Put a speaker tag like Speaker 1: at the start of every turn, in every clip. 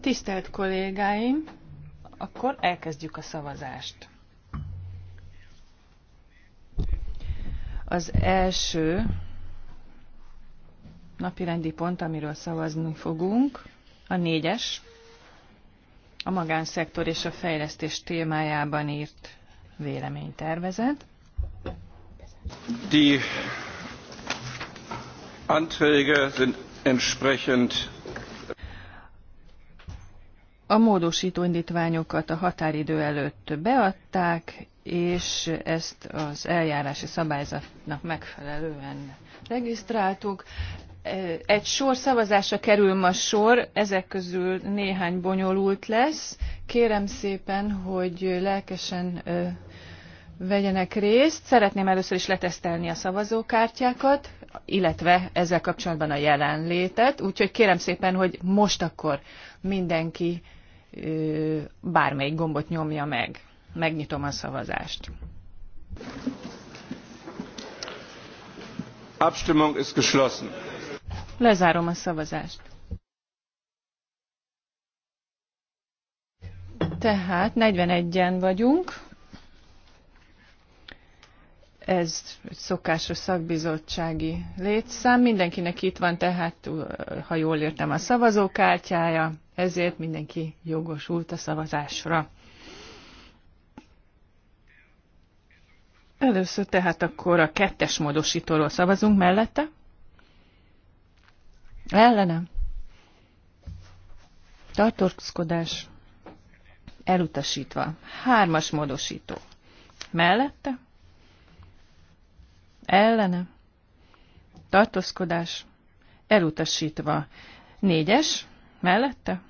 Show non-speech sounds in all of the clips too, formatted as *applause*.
Speaker 1: Tisztelt kollégáim, akkor elkezdjük a szavazást. Az első napirendi pont, amiről szavazni fogunk, a négyes, a magánszektor és a fejlesztés témájában írt véleménytervezet. Die Anträge sind entsprechend a módosító indítványokat a határidő előtt beadták, és ezt az eljárási szabályzatnak megfelelően regisztráltuk. E, egy sor szavazásra kerül ma sor, ezek közül néhány bonyolult lesz. Kérem szépen, hogy lelkesen e, vegyenek részt. Szeretném először is letesztelni a szavazókártyákat illetve ezzel kapcsolatban a jelenlétet. Úgyhogy kérem szépen, hogy most akkor mindenki bármelyik gombot nyomja meg. Megnyitom a szavazást. Abstimmung ist geschlossen. Lezárom a szavazást. Tehát 41-en vagyunk. Ez szokásos szakbizottsági létszám. Mindenkinek itt van tehát, uh, ha jól értem, a szavazókártyája, ezért mindenki jogosult a szavazásra. Először tehát akkor a kettes módosítóról szavazunk mellette. Ellenem. Tartózkodás elutasítva. Hármas módosító. Mellette? ellene, tartózkodás, elutasítva. Négyes, mellette,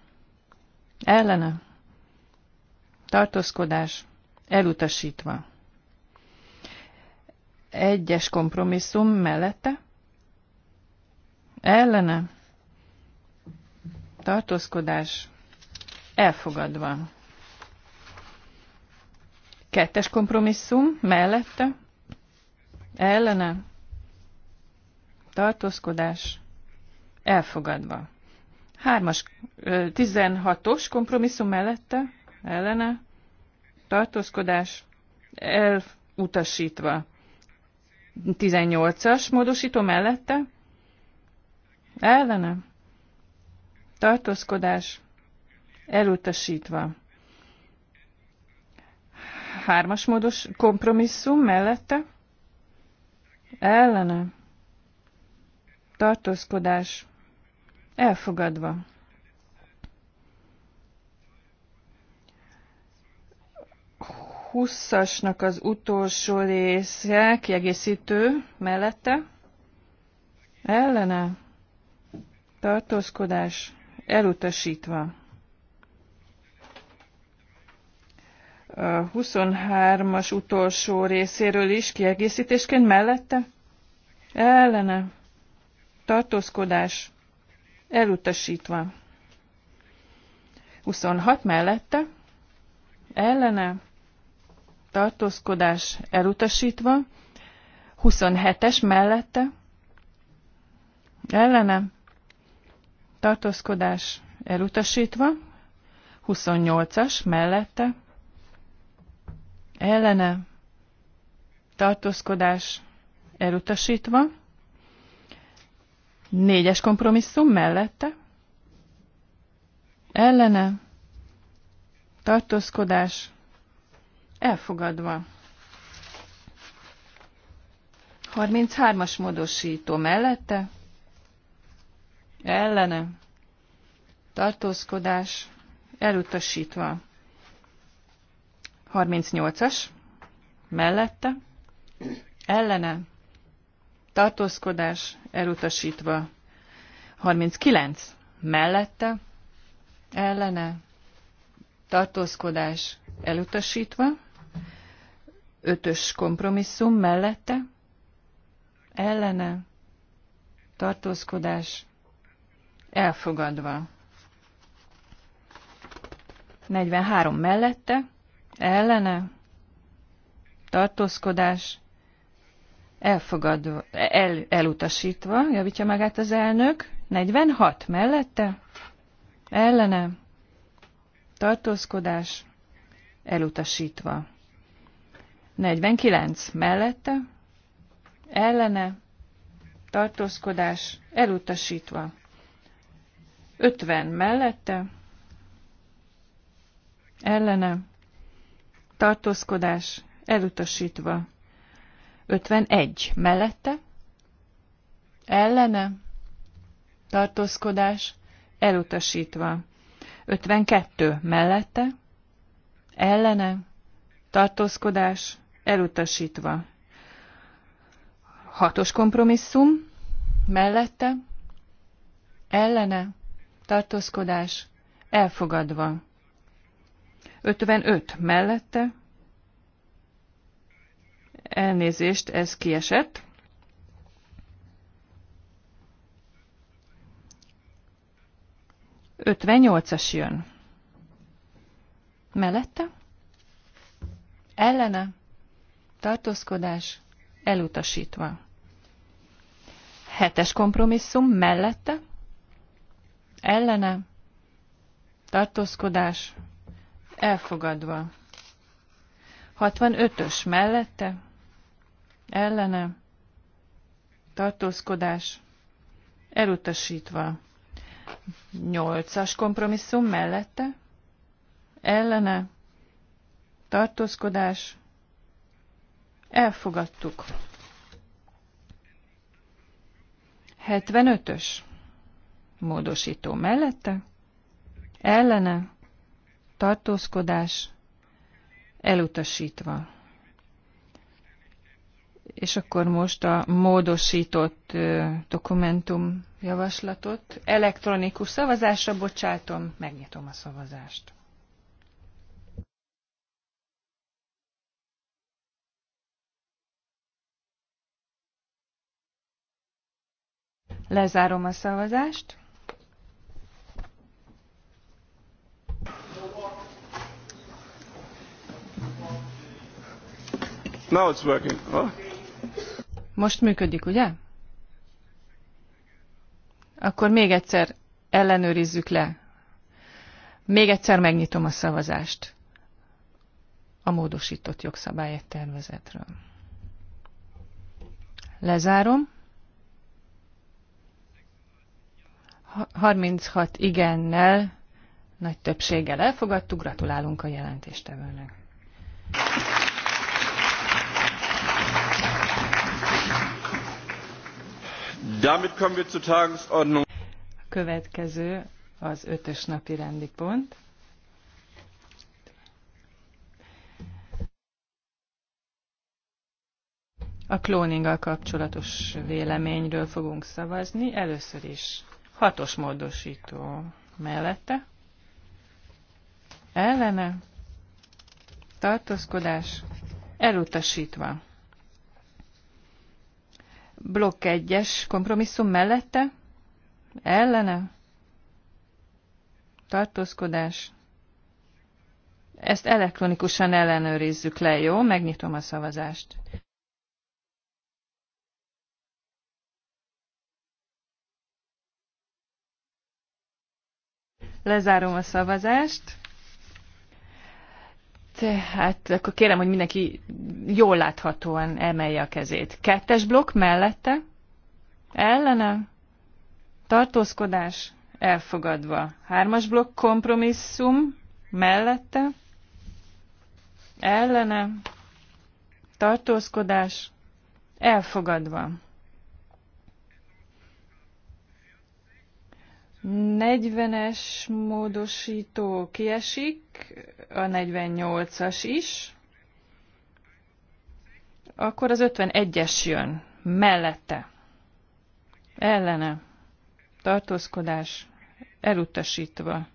Speaker 1: ellene, tartózkodás, elutasítva. Egyes kompromisszum mellette, ellene, tartózkodás, elfogadva. Kettes kompromisszum mellette, ellene, tartózkodás, elfogadva. Hármas, tizenhatos kompromisszum mellette, ellene, tartózkodás, elutasítva. 18-as módosító mellette, ellene, tartózkodás, elutasítva. Hármas módos kompromisszum mellette, ellene, tartózkodás, elfogadva. Huszasnak az utolsó része, kiegészítő, mellette, ellene, tartózkodás, elutasítva. 23-as utolsó részéről is kiegészítésként mellette? Ellene. Tartózkodás. Elutasítva. 26 mellette. Ellene. Tartózkodás elutasítva. 27-es mellette. Ellene. Tartózkodás elutasítva. 28-as mellette ellene tartózkodás elutasítva, négyes kompromisszum mellette, ellene tartózkodás elfogadva. 33-as módosító mellette, ellene tartózkodás elutasítva. 38-as mellette ellene tartózkodás elutasítva 39 mellette ellene tartózkodás elutasítva 5-ös kompromisszum mellette ellene tartózkodás elfogadva 43 mellette ellene, tartózkodás, elfogadva, el, elutasítva, javítja magát az elnök, 46 mellette, ellene, tartózkodás, elutasítva. 49 mellette, ellene, tartózkodás, elutasítva. 50 mellette, ellene, tartózkodás elutasítva. 51 mellette, ellene, tartózkodás elutasítva. 52 mellette, ellene, tartózkodás elutasítva. Hatos kompromisszum, mellette, ellene, tartózkodás elfogadva. 55 mellette. Elnézést, ez kiesett. Ötvennyolcas jön. Mellette? Ellene? Tartózkodás? Elutasítva. Hetes kompromisszum mellette? Ellene? Tartózkodás? elfogadva. 65-ös mellette, ellene, tartózkodás, elutasítva. 8-as kompromisszum mellette, ellene, tartózkodás, elfogadtuk. 75-ös módosító mellette, ellene, tartózkodás elutasítva. És akkor most a módosított dokumentum javaslatot elektronikus szavazásra bocsátom, megnyitom a szavazást. Lezárom a szavazást.
Speaker 2: Now it's working. Huh? Oh.
Speaker 1: Most működik, ugye? Akkor még egyszer ellenőrizzük le. Még egyszer megnyitom a szavazást a módosított jogszabályt tervezetről. Lezárom. 36 igennel nagy többséggel elfogadtuk, gratulálunk a jelentéstevőnek. Damit kommen wir zur Tagesordnung. Következő az ötös napi rendi pont. A klóninggal kapcsolatos véleményről fogunk szavazni. Először is hatos módosító mellette. Ellene. Tartózkodás. Elutasítva blokk egyes kompromisszum mellette, ellene, tartózkodás. Ezt elektronikusan ellenőrizzük le, jó? Megnyitom a szavazást. Lezárom a szavazást tehát akkor kérem, hogy mindenki jól láthatóan emelje a kezét. Kettes blokk mellette, ellene, tartózkodás, elfogadva. Hármas blokk kompromisszum, mellette, ellene, tartózkodás, elfogadva. 40-es módosító kiesik, a 48-as is. Akkor az 51-es jön, mellette. Ellene. Tartózkodás. Elutasítva.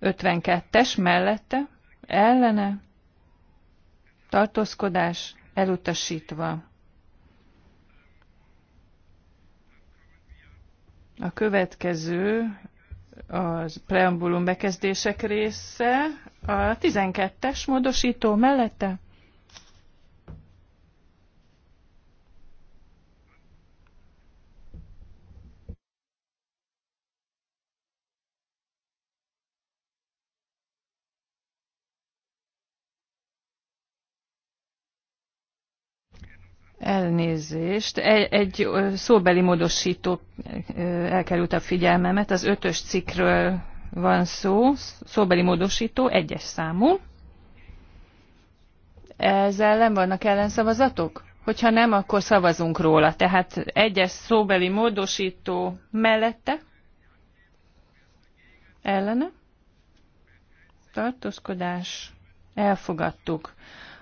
Speaker 1: 52-es mellette. Ellene. Tartózkodás. Elutasítva. A következő a preambulum bekezdések része, a 12-es módosító mellette Elnézést. E- egy, egy szóbeli módosító elkerült a figyelmemet. Az ötös cikkről van szó, szóbeli módosító, egyes számú. Ezzel nem vannak ellenszavazatok? Hogyha nem, akkor szavazunk róla. Tehát egyes szóbeli módosító mellette? Ellene? Tartózkodás? Elfogadtuk.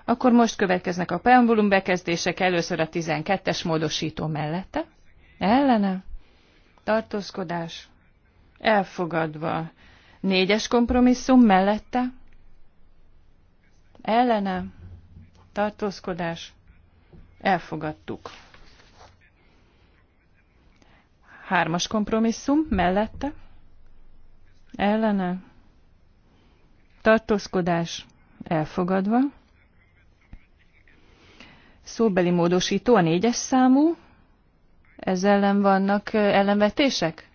Speaker 1: Akkor most következnek a preambulum bekezdések, először a 12-es módosító mellette. Ellene? Tartózkodás? Elfogadva. Négyes kompromisszum mellette? Ellene? Tartózkodás? Elfogadtuk. Hármas kompromisszum mellette? Ellene? Tartózkodás? Elfogadva. Szóbeli módosító a négyes számú. Ez ellen vannak ellenvetések?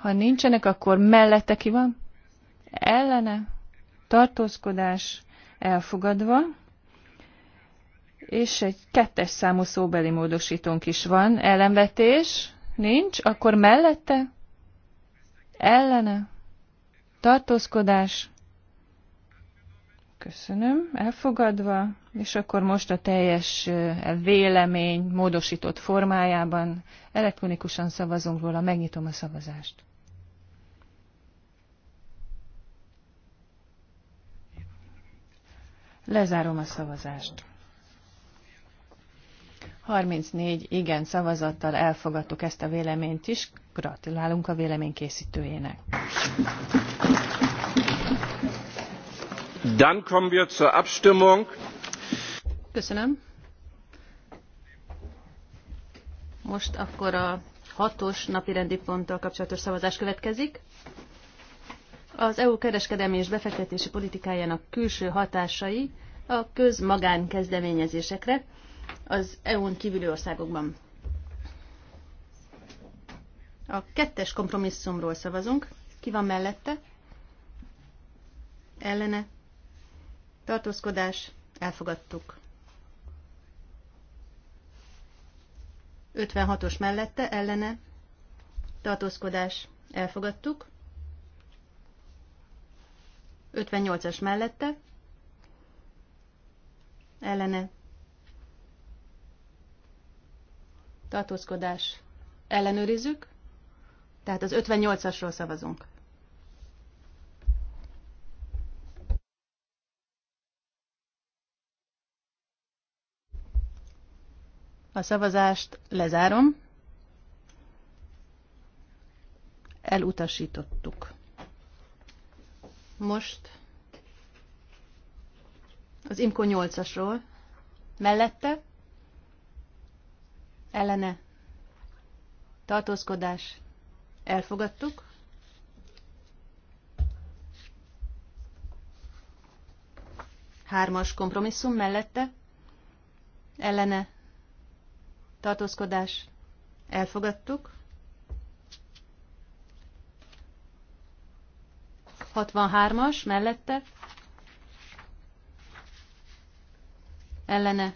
Speaker 1: Ha nincsenek, akkor mellette ki van? Ellene. Tartózkodás elfogadva. És egy kettes számú szóbeli módosítónk is van. Ellenvetés? Nincs? Akkor mellette? Ellene. Tartózkodás Köszönöm. Elfogadva, és akkor most a teljes e, vélemény módosított formájában elektronikusan szavazunk róla. Megnyitom a szavazást. Lezárom a szavazást. 34 igen szavazattal elfogadtuk ezt a véleményt is. Gratulálunk a vélemény készítőjének. Dann kommen wir zur Abstimmung.
Speaker 2: a szavazás következik. Az EU kereskedelmi és befektetési politikájának külső hatásai a közmagán kezdeményezésekre az EU-n kívüli országokban. A kettes kompromisszumról szavazunk. Ki van mellette? Ellene? tartózkodás, elfogadtuk. 56-os mellette, ellene, tartózkodás, elfogadtuk. 58-as mellette, ellene, tartózkodás, ellenőrizzük, tehát az 58-asról szavazunk. A szavazást lezárom. Elutasítottuk. Most az IMKO 8-asról. Mellette? Ellene? Tartózkodás? Elfogadtuk? Hármas kompromisszum mellette? Ellene? tartózkodás elfogadtuk. 63-as mellette ellene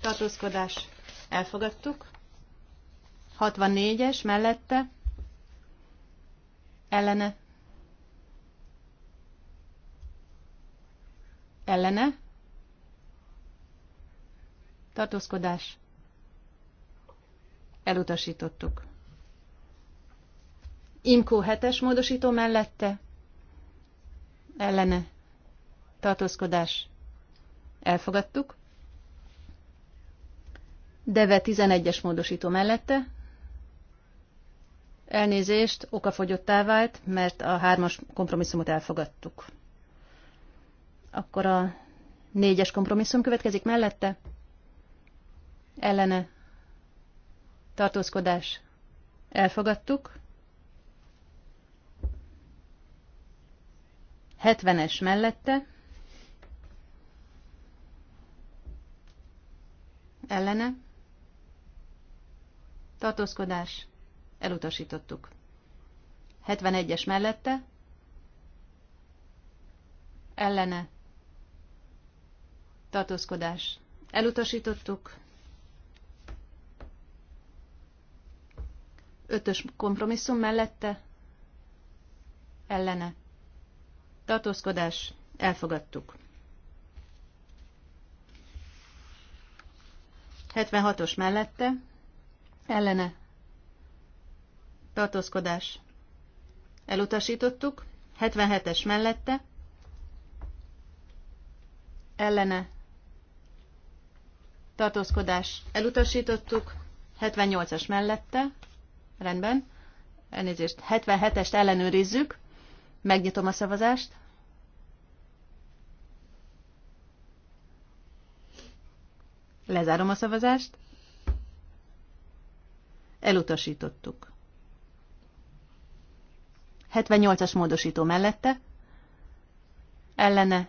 Speaker 2: tartózkodás elfogadtuk. 64-es mellette ellene ellene tartózkodás Elutasítottuk. Imkó hetes módosító mellette. Ellene. Tartózkodás. Elfogadtuk. Deve 11-es módosító mellette. Elnézést, okafogyottá vált, mert a hármas kompromisszumot elfogadtuk. Akkor a négyes kompromisszum következik mellette. Ellene tartózkodás elfogadtuk. 70-es mellette ellene tartózkodás elutasítottuk. 71-es mellette ellene tartózkodás elutasítottuk. Ötös kompromisszum mellette ellene. Tartózkodás. Elfogadtuk. 76-os mellette ellene. Tartózkodás. Elutasítottuk. 77-es mellette ellene. Tartózkodás. Elutasítottuk. 78-as mellette Rendben. Elnézést. 77-est ellenőrizzük. Megnyitom a szavazást. Lezárom a szavazást. Elutasítottuk. 78-as módosító mellette. Ellene.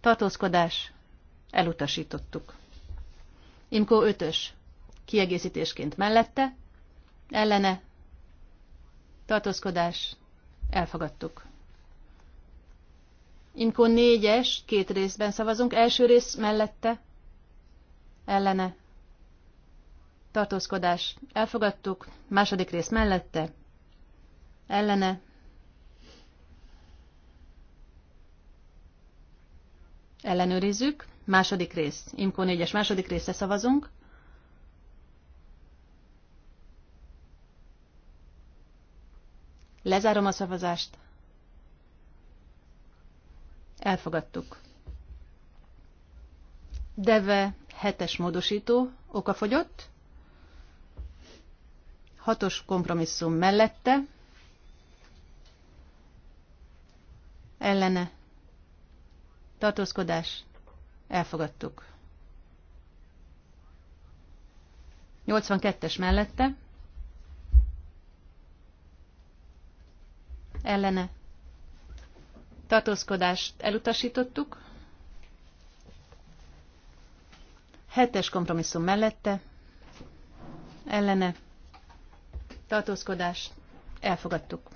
Speaker 2: Tartózkodás. Elutasítottuk. Imkó 5-ös. Kiegészítésként mellette ellene, tartózkodás, elfogadtuk. Imkon négyes, két részben szavazunk, első rész mellette, ellene, tartózkodás, elfogadtuk, második rész mellette, ellene, ellenőrizzük, második rész, imkon négyes második része szavazunk, Lezárom a szavazást. Elfogadtuk. Deve hetes módosító, fogyott. Hatos kompromisszum mellette. Ellene. Tartózkodás. Elfogadtuk. 82-es mellette. ellene tartózkodást elutasítottuk. Hetes kompromisszum mellette ellene tartózkodást elfogadtuk.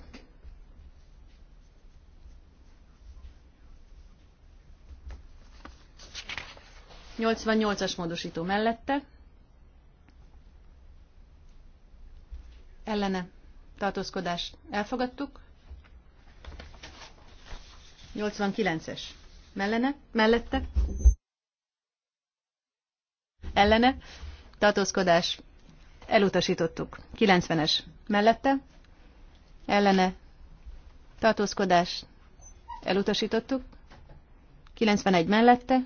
Speaker 2: nyolcas módosító mellette ellene tartózkodást elfogadtuk. 89-es. Mellene? Mellette? Ellene? Tartózkodás. Elutasítottuk. 90-es. Mellette? Ellene? Tartózkodás. Elutasítottuk. 91 mellette?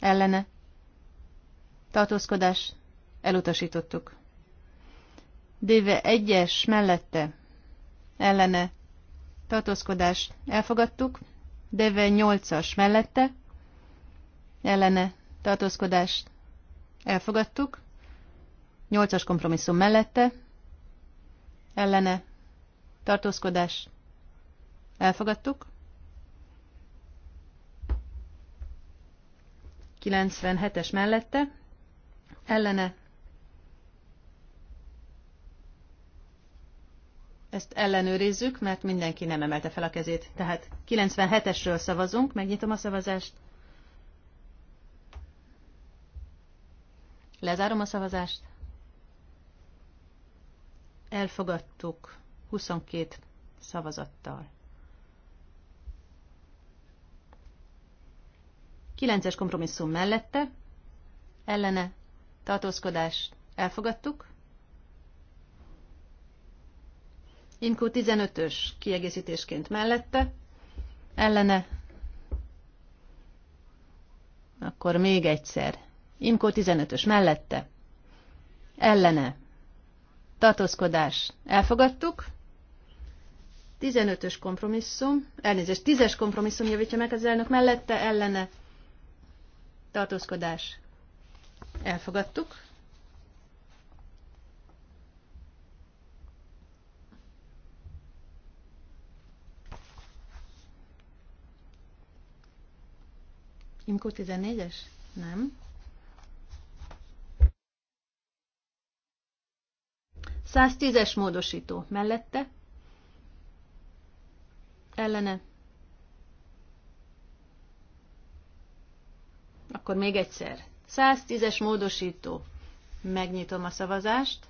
Speaker 2: Ellene? Tartózkodás. Elutasítottuk. Déve egyes mellette ellene tartózkodás elfogadtuk, Deve 8-as mellette ellene tartózkodás elfogadtuk, 8-as kompromisszum mellette ellene tartózkodás elfogadtuk, 97-es mellette ellene Ezt ellenőrizzük, mert mindenki nem emelte fel a kezét. Tehát 97-esről szavazunk, megnyitom a szavazást. Lezárom a szavazást. Elfogadtuk 22 szavazattal. 9-es kompromisszum mellette, ellene, tartózkodás, elfogadtuk. Inkó 15-ös kiegészítésként mellette, ellene, akkor még egyszer. Imkó 15-ös mellette, ellene, tartózkodás, elfogadtuk, 15-ös kompromisszum, elnézést, 10-es kompromisszum javítja meg az elnök mellette, ellene, tartózkodás, elfogadtuk. Imkó 14-es? Nem. 110-es módosító mellette, ellene. Akkor még egyszer. 110-es módosító. Megnyitom a szavazást.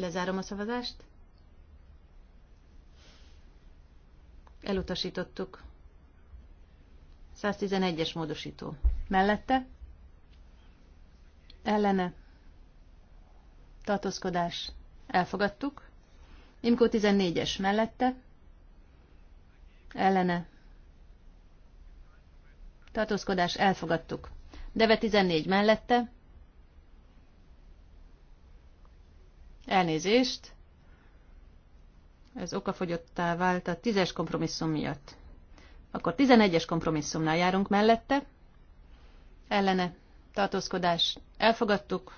Speaker 2: Lezárom a szavazást. Elutasítottuk. 111-es módosító. Mellette? Ellene. Tartózkodás. Elfogadtuk. Imkó 14-es. Mellette? Ellene. Tartózkodás. Elfogadtuk. Deve 14 mellette? Elnézést. Ez okafogyottá vált a tízes kompromisszum miatt. Akkor tizenegyes kompromisszumnál járunk mellette. Ellene tartózkodás elfogadtuk.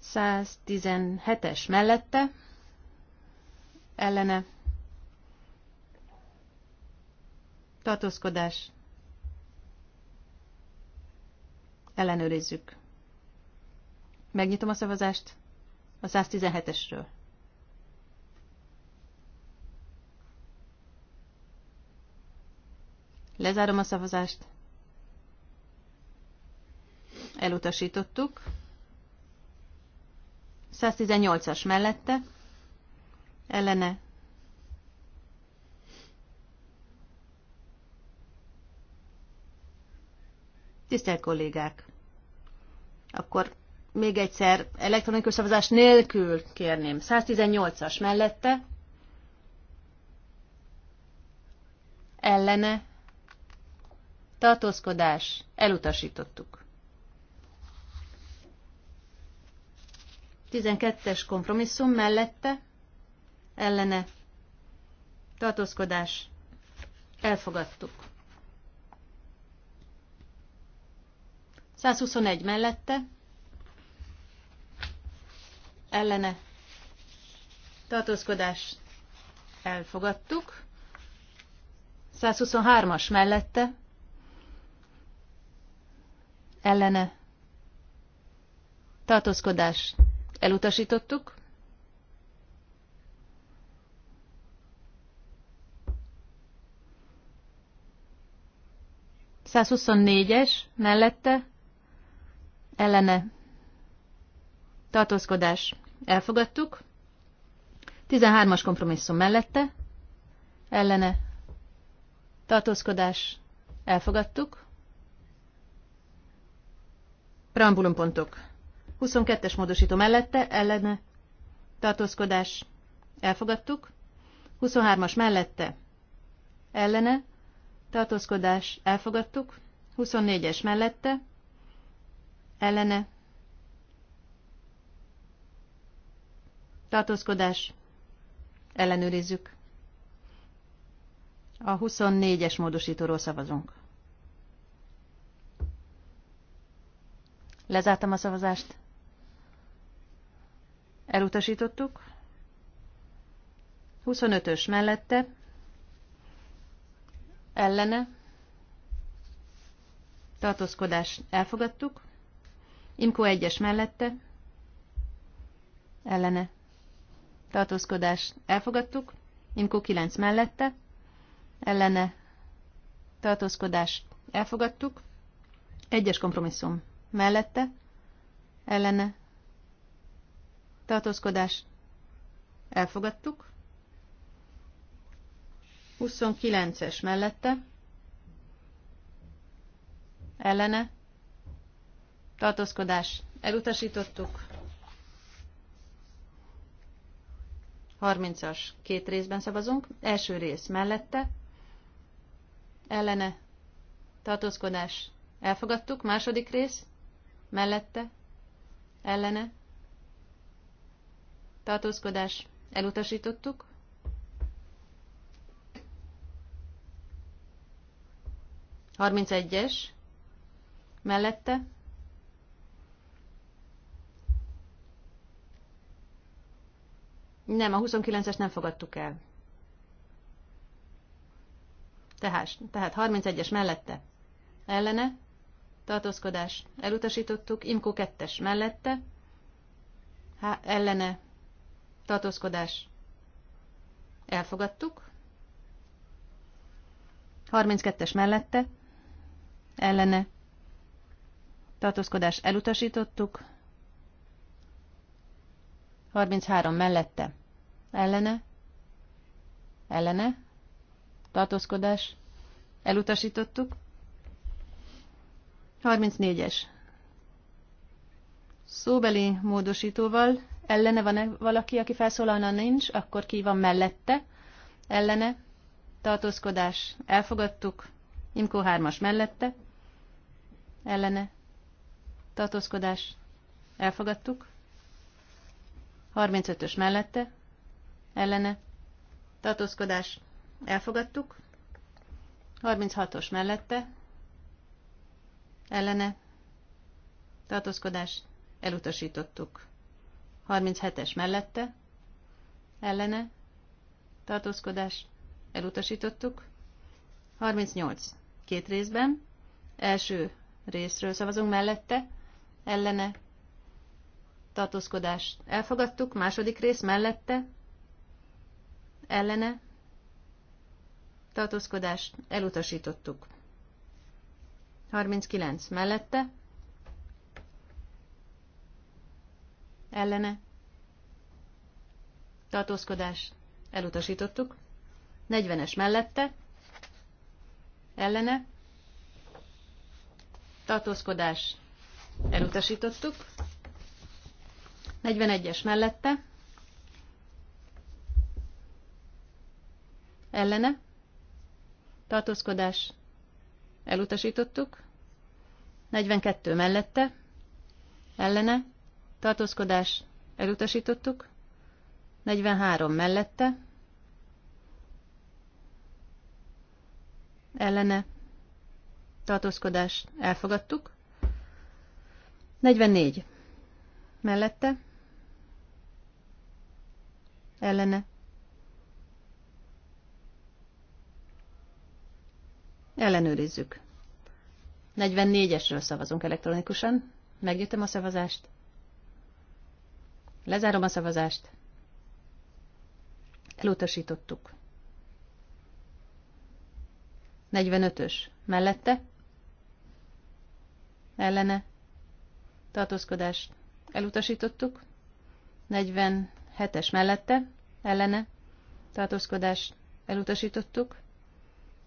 Speaker 2: Száz mellette. Ellene tartózkodás Ellenőrizzük. Megnyitom a szavazást a 117-esről. Lezárom a szavazást. Elutasítottuk. 118-as mellette. Ellene Tisztelt kollégák! Akkor még egyszer elektronikus szavazás nélkül kérném. 118-as mellette. Ellene. Tartózkodás. Elutasítottuk. 12-es kompromisszum mellette. Ellene. Tartózkodás. Elfogadtuk. 121 mellette, ellene tartózkodás elfogadtuk. 123-as mellette, ellene tartózkodás elutasítottuk. 124-es mellette ellene tartózkodás elfogadtuk, 13-as kompromisszum mellette ellene tartózkodás elfogadtuk, preambulumpontok 22-es módosító mellette ellene tartózkodás elfogadtuk, 23-as mellette ellene tartózkodás elfogadtuk, 24-es mellette ellene tartózkodás ellenőrizzük. A 24-es módosítóról szavazunk. Lezártam a szavazást. Elutasítottuk. 25-ös mellette. Ellene. Tartózkodás elfogadtuk. Imko egyes mellette, ellene, tartózkodás elfogadtuk. Imko kilenc mellette, ellene, tartózkodás elfogadtuk. Egyes kompromisszum mellette, ellene, tartózkodás elfogadtuk. 29-es mellette, ellene, tartózkodás elutasítottuk. 30-as két részben szavazunk. Első rész mellette, ellene, tartózkodás elfogadtuk. Második rész mellette, ellene, tartózkodás elutasítottuk. Harmincegyes mellette, Nem, a 29-es nem fogadtuk el. Tehát, tehát 31-es mellette. Ellene. Tartózkodás. Elutasítottuk. Imkó 2-es mellette. Há, ellene. Tartózkodás. Elfogadtuk. 32-es mellette. Ellene. Tartózkodás elutasítottuk. 33 mellette. Ellene. Ellene. Tartózkodás. Elutasítottuk. 34-es. Szóbeli módosítóval ellene van -e valaki, aki felszólalna nincs, akkor ki van mellette? Ellene. Tartózkodás. Elfogadtuk. Imkó 3-as mellette. Ellene. Tartózkodás. Elfogadtuk. 35-ös mellette, ellene, tartózkodás, elfogadtuk. 36-os mellette, ellene, tartózkodás, elutasítottuk. 37-es mellette, ellene, tartózkodás, elutasítottuk. 38. Két részben. Első részről szavazunk mellette, ellene, tartózkodás elfogadtuk, második rész mellette, ellene, tartózkodás elutasítottuk. 39 mellette, ellene, tartózkodás elutasítottuk. 40-es mellette, ellene, tartózkodás elutasítottuk. 41-es mellette, ellene, tartózkodás, elutasítottuk, 42 mellette, ellene, tartózkodás, elutasítottuk, 43 mellette, ellene, tartózkodás, elfogadtuk, 44 mellette, ellene ellenőrizzük. 44-esről szavazunk elektronikusan. Megjöttem a szavazást. Lezárom a szavazást. Elutasítottuk. 45-ös. Mellette? Ellene? Tartózkodást. Elutasítottuk. 40 hetes mellette, ellene, tartózkodást elutasítottuk,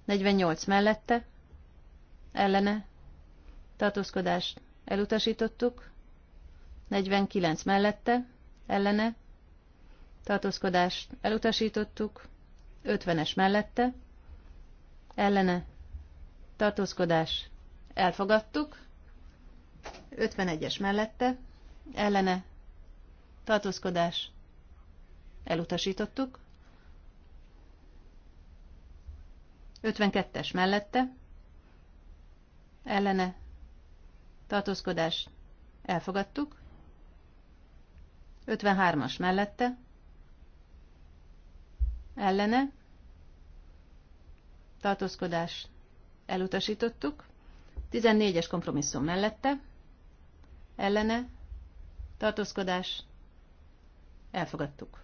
Speaker 2: 48 mellette, ellene, tartózkodást elutasítottuk, 49 mellette, ellene, tartózkodást elutasítottuk, 50-es mellette, ellene, tartózkodás elfogadtuk, 51-es mellette, ellene, tartózkodás elutasítottuk. 52-es mellette, ellene, tartózkodás, elfogadtuk. 53-as mellette, ellene, tartózkodás, elutasítottuk. 14-es kompromisszum mellette, ellene, tartózkodás, elfogadtuk.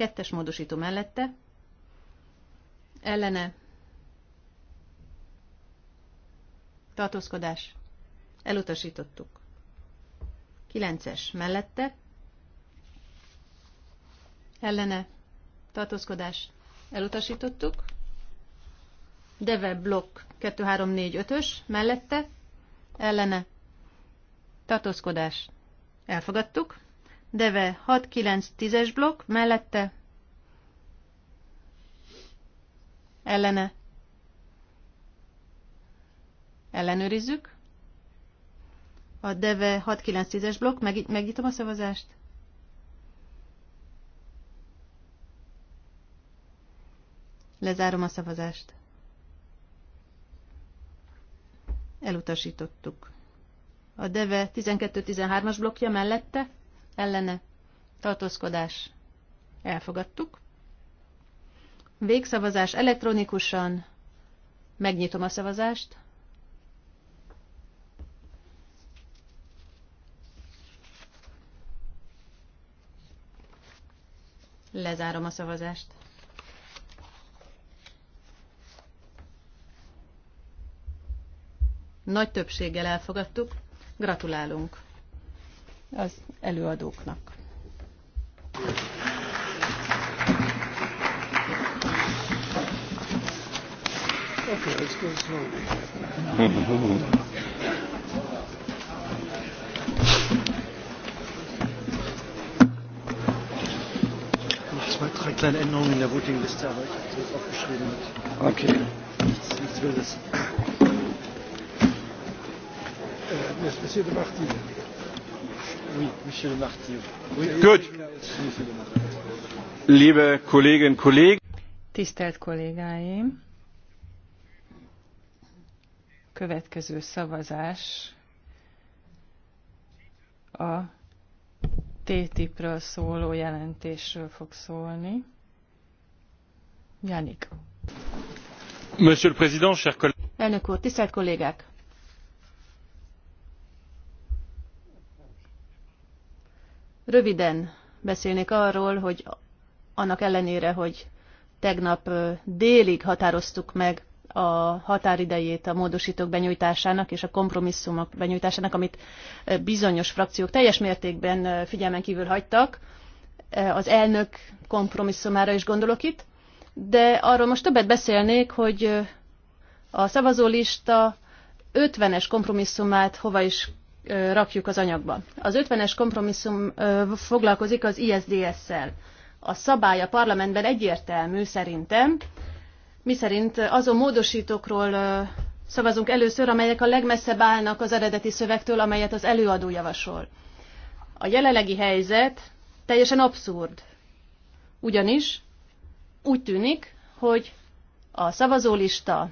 Speaker 2: Kettes módosító mellette. Ellene. Tartózkodás. Elutasítottuk. Kilences mellette. Ellene. Tartózkodás. Elutasítottuk. Deve blokk 2345-ös mellette. Ellene. Tartózkodás. Elfogadtuk. Deve 6-9-10-es blokk, mellette ellene ellenőrizzük. A Deve 6-9-10-es blokk, Meg, megnyitom a szavazást. Lezárom a szavazást. Elutasítottuk. A Deve 12-13-as blokkja mellette ellene tartózkodás elfogadtuk. Végszavazás elektronikusan. Megnyitom a szavazást. Lezárom a szavazást. Nagy többséggel elfogadtuk. Gratulálunk! az előadóknak. Okay, let's go slowly. Zwei, drei kleine Änderungen in der Votingliste, aber ich habe es aufgeschrieben. Okay. Nichts, nichts Wildes.
Speaker 1: Äh, Monsieur Good. Liebe Kolleginnen und Kollegen. Tisztelt kollégáim! Következő szavazás a TTIP-ről szóló jelentésről fog szólni. Janik.
Speaker 2: Monsieur le Président, chers collègues. Elnök úr, tisztelt kollégák! Röviden beszélnék arról, hogy annak ellenére, hogy tegnap délig határoztuk meg a határidejét a módosítók benyújtásának és a kompromisszumok benyújtásának, amit bizonyos frakciók teljes mértékben figyelmen kívül hagytak. Az elnök kompromisszumára is gondolok itt, de arról most többet beszélnék, hogy a szavazólista 50-es kompromisszumát hova is rakjuk az anyagba. Az 50-es kompromisszum foglalkozik az ISDS-szel. A szabály a parlamentben egyértelmű szerintem, miszerint azon módosítókról szavazunk először, amelyek a legmesszebb állnak az eredeti szövegtől, amelyet az előadó javasol. A jelenlegi helyzet teljesen abszurd. Ugyanis úgy tűnik, hogy a szavazólista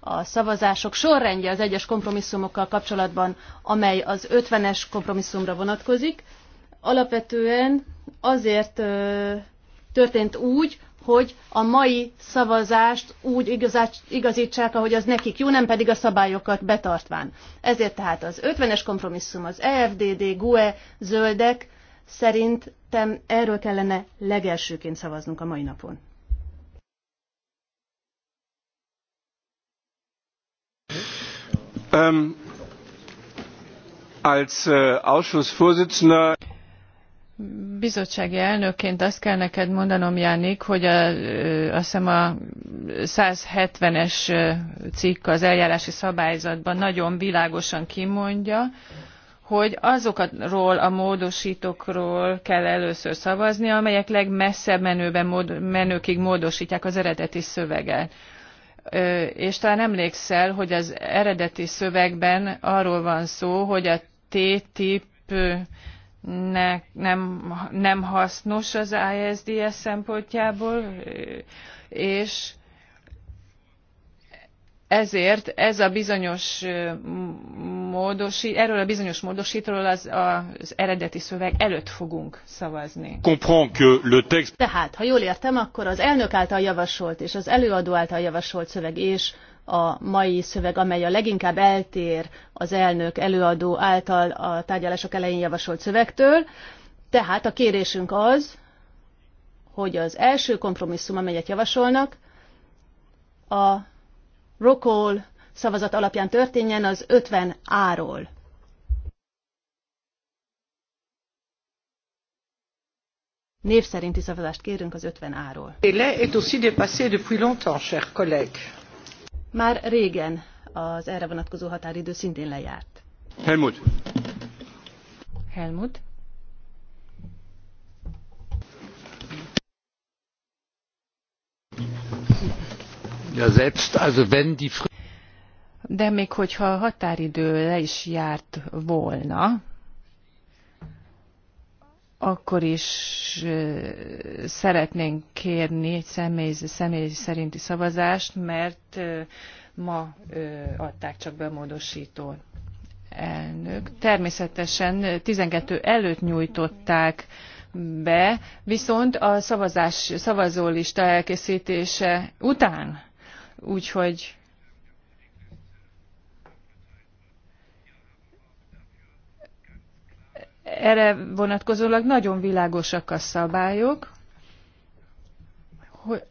Speaker 2: a szavazások sorrendje az egyes kompromisszumokkal kapcsolatban, amely az 50-es kompromisszumra vonatkozik, alapvetően azért ö, történt úgy, hogy a mai szavazást úgy igazítsák, ahogy az nekik jó, nem pedig a szabályokat betartván. Ezért tehát az 50-es kompromisszum, az EFDD, GUE, zöldek, szerintem erről kellene legelsőként szavaznunk a mai napon. Ähm,
Speaker 1: als äh, Ausschussvorsitzender bizottsági elnökként azt kell neked mondanom, Jánik, hogy a, azt hiszem a 170-es cikk az eljárási szabályzatban nagyon világosan kimondja, hogy azokról a módosítókról kell először szavazni, amelyek legmesszebb menőben, menőkig módosítják az eredeti szöveget és talán emlékszel, hogy az eredeti szövegben arról van szó, hogy a TTIP ne, nem, nem hasznos az ISDS szempontjából, és ezért ez a bizonyos módosi, erről a bizonyos módosítról az, az eredeti szöveg előtt fogunk
Speaker 2: szavazni. Tehát, ha jól értem, akkor az elnök által javasolt és az előadó által javasolt szöveg és a mai szöveg, amely a leginkább eltér az elnök előadó által a tárgyalások elején javasolt szövegtől. Tehát a kérésünk az, hogy az első kompromisszum, amelyet javasolnak, a Rokol szavazat alapján történjen az 50 áról. Név szerinti szavazást kérünk az 50 áról. Már régen az erre vonatkozó határidő szintén lejárt. Helmut. Helmut.
Speaker 1: De még hogyha a határidő le is járt volna, akkor is szeretnénk kérni egy személy, személy szerinti szavazást, mert ma adták csak be a elnök. Természetesen 12 előtt nyújtották be, viszont a szavazás, szavazólista elkészítése után Úgyhogy erre vonatkozólag nagyon világosak a szabályok, hogy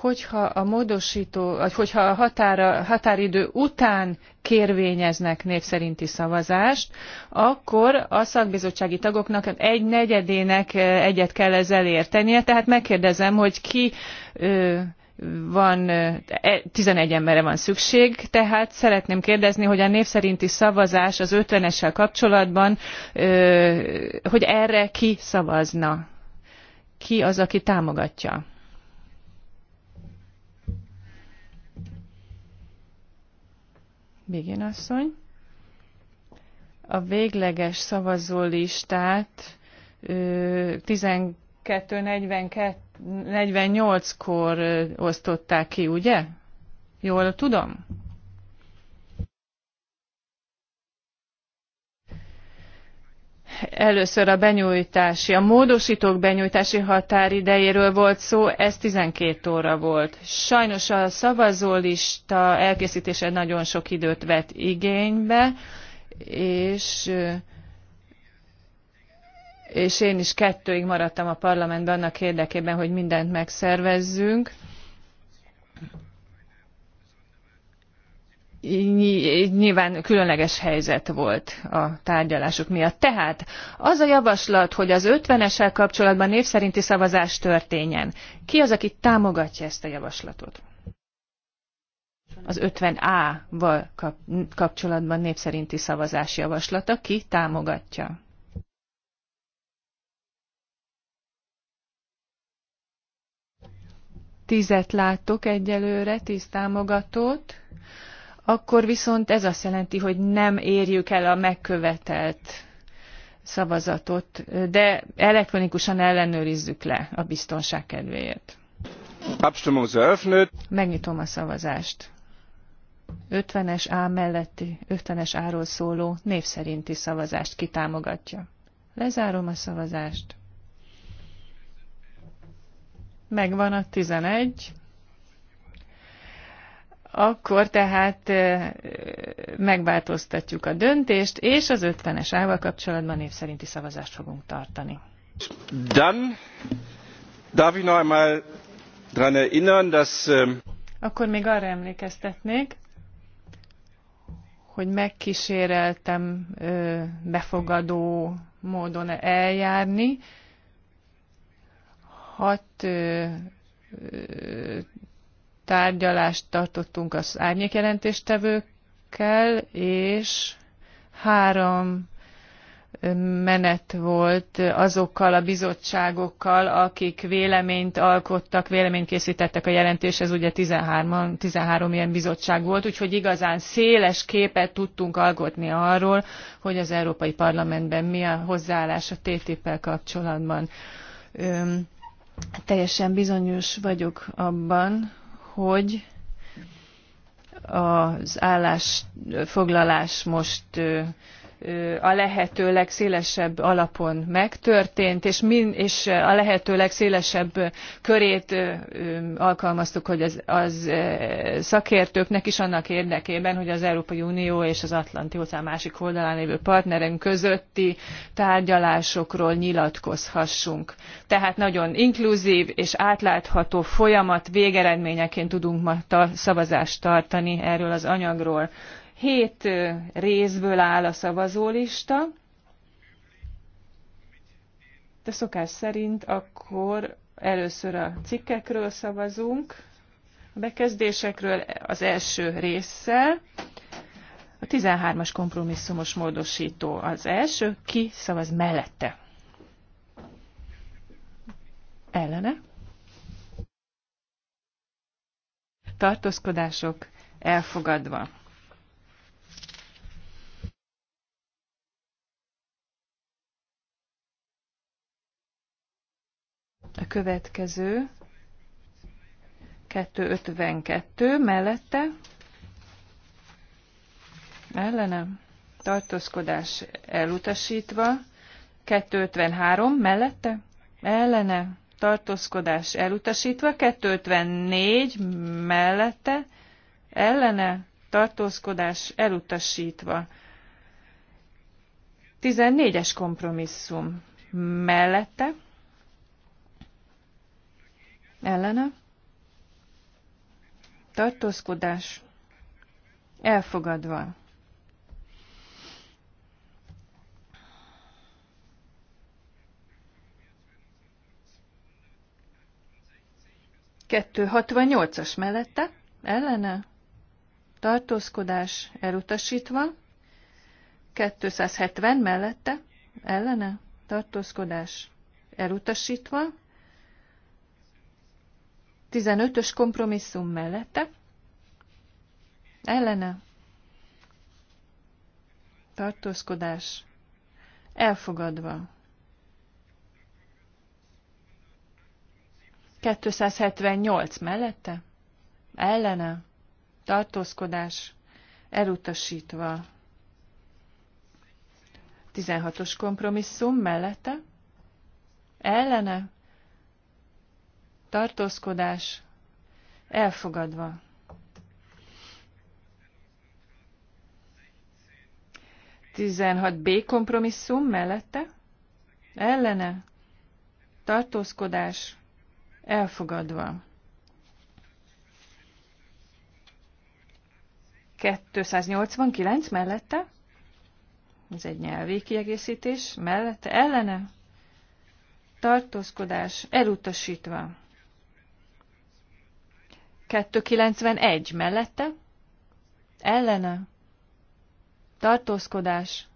Speaker 1: hogyha a módosító, vagy hogyha a határa, határidő után kérvényeznek népszerinti szavazást, akkor a szakbizottsági tagoknak egy negyedének eh, egyet kell ezzel értenie. Tehát megkérdezem, hogy ki van, 11 e, emberre van szükség, tehát szeretném kérdezni, hogy a név szerinti szavazás az 50-essel kapcsolatban, hogy erre ki szavazna? Ki az, aki támogatja? Végén asszony. A végleges szavazólistát 1242 48-kor osztották ki, ugye? Jól tudom? Először a benyújtási, a módosítók benyújtási határidejéről volt szó, ez 12 óra volt. Sajnos a szavazólista elkészítése nagyon sok időt vett igénybe, és és én is kettőig maradtam a parlamentben annak érdekében, hogy mindent megszervezzünk. nyilván különleges helyzet volt a tárgyalások miatt. Tehát az a javaslat, hogy az 50-essel kapcsolatban név szerinti szavazás történjen. Ki az, aki támogatja ezt a javaslatot? Az 50A-val kapcsolatban népszerinti szavazás javaslata ki támogatja? tízet látok egyelőre, tíz támogatót, akkor viszont ez azt jelenti, hogy nem érjük el a megkövetelt szavazatot, de elektronikusan ellenőrizzük le a biztonság kedvéért. Megnyitom a szavazást. 50-es A melletti, 50-es Áról szóló név szerinti szavazást kitámogatja. Lezárom a szavazást. Megvan a 11. Akkor tehát megváltoztatjuk a döntést, és az 50-es ával kapcsolatban név szerinti szavazást fogunk tartani. Dann darf ich noch einmal daran erinnern, dass... Akkor még arra emlékeztetnék, hogy megkíséreltem befogadó módon eljárni, hat tárgyalást tartottunk az árnyékjelentéstevőkkel, és három menet volt azokkal a bizottságokkal, akik véleményt alkottak, véleményt készítettek a jelentéshez, ugye 13, 13 ilyen bizottság volt, úgyhogy igazán széles képet tudtunk alkotni arról, hogy az Európai Parlamentben mi a hozzáállás a TTIP-el kapcsolatban teljesen bizonyos vagyok abban, hogy az állásfoglalás most a lehető legszélesebb alapon megtörtént, és, min, és a lehető legszélesebb körét alkalmaztuk, hogy az, az szakértőknek is annak érdekében, hogy az Európai Unió és az Atlanti óceán másik oldalán lévő partnerünk közötti tárgyalásokról nyilatkozhassunk. Tehát nagyon inkluzív és átlátható folyamat végeredményeként tudunk ma ta, szavazást tartani erről az anyagról. Hét részből áll a szavazólista, de szokás szerint akkor először a cikkekről szavazunk, a bekezdésekről az első résszel, a 13-as kompromisszumos módosító az első, ki szavaz mellette? Ellene? Tartózkodások elfogadva. A következő 252 mellette ellene tartózkodás elutasítva 253 mellette ellene tartózkodás elutasítva 254 mellette ellene tartózkodás elutasítva 14-es kompromisszum mellette ellene, tartózkodás, elfogadva. Kettő as mellette, ellene, tartózkodás elutasítva, 270 mellette, ellene, tartózkodás elutasítva, 15-ös kompromisszum mellette, ellene, tartózkodás, elfogadva. 278 mellette, ellene, tartózkodás, elutasítva. 16-os kompromisszum mellette, ellene, tartózkodás elfogadva. Tizenhat B kompromisszum mellette, ellene, tartózkodás elfogadva. 289 mellette, ez egy nyelvi kiegészítés, mellette, ellene, tartózkodás elutasítva. 291 mellette, ellene, tartózkodás,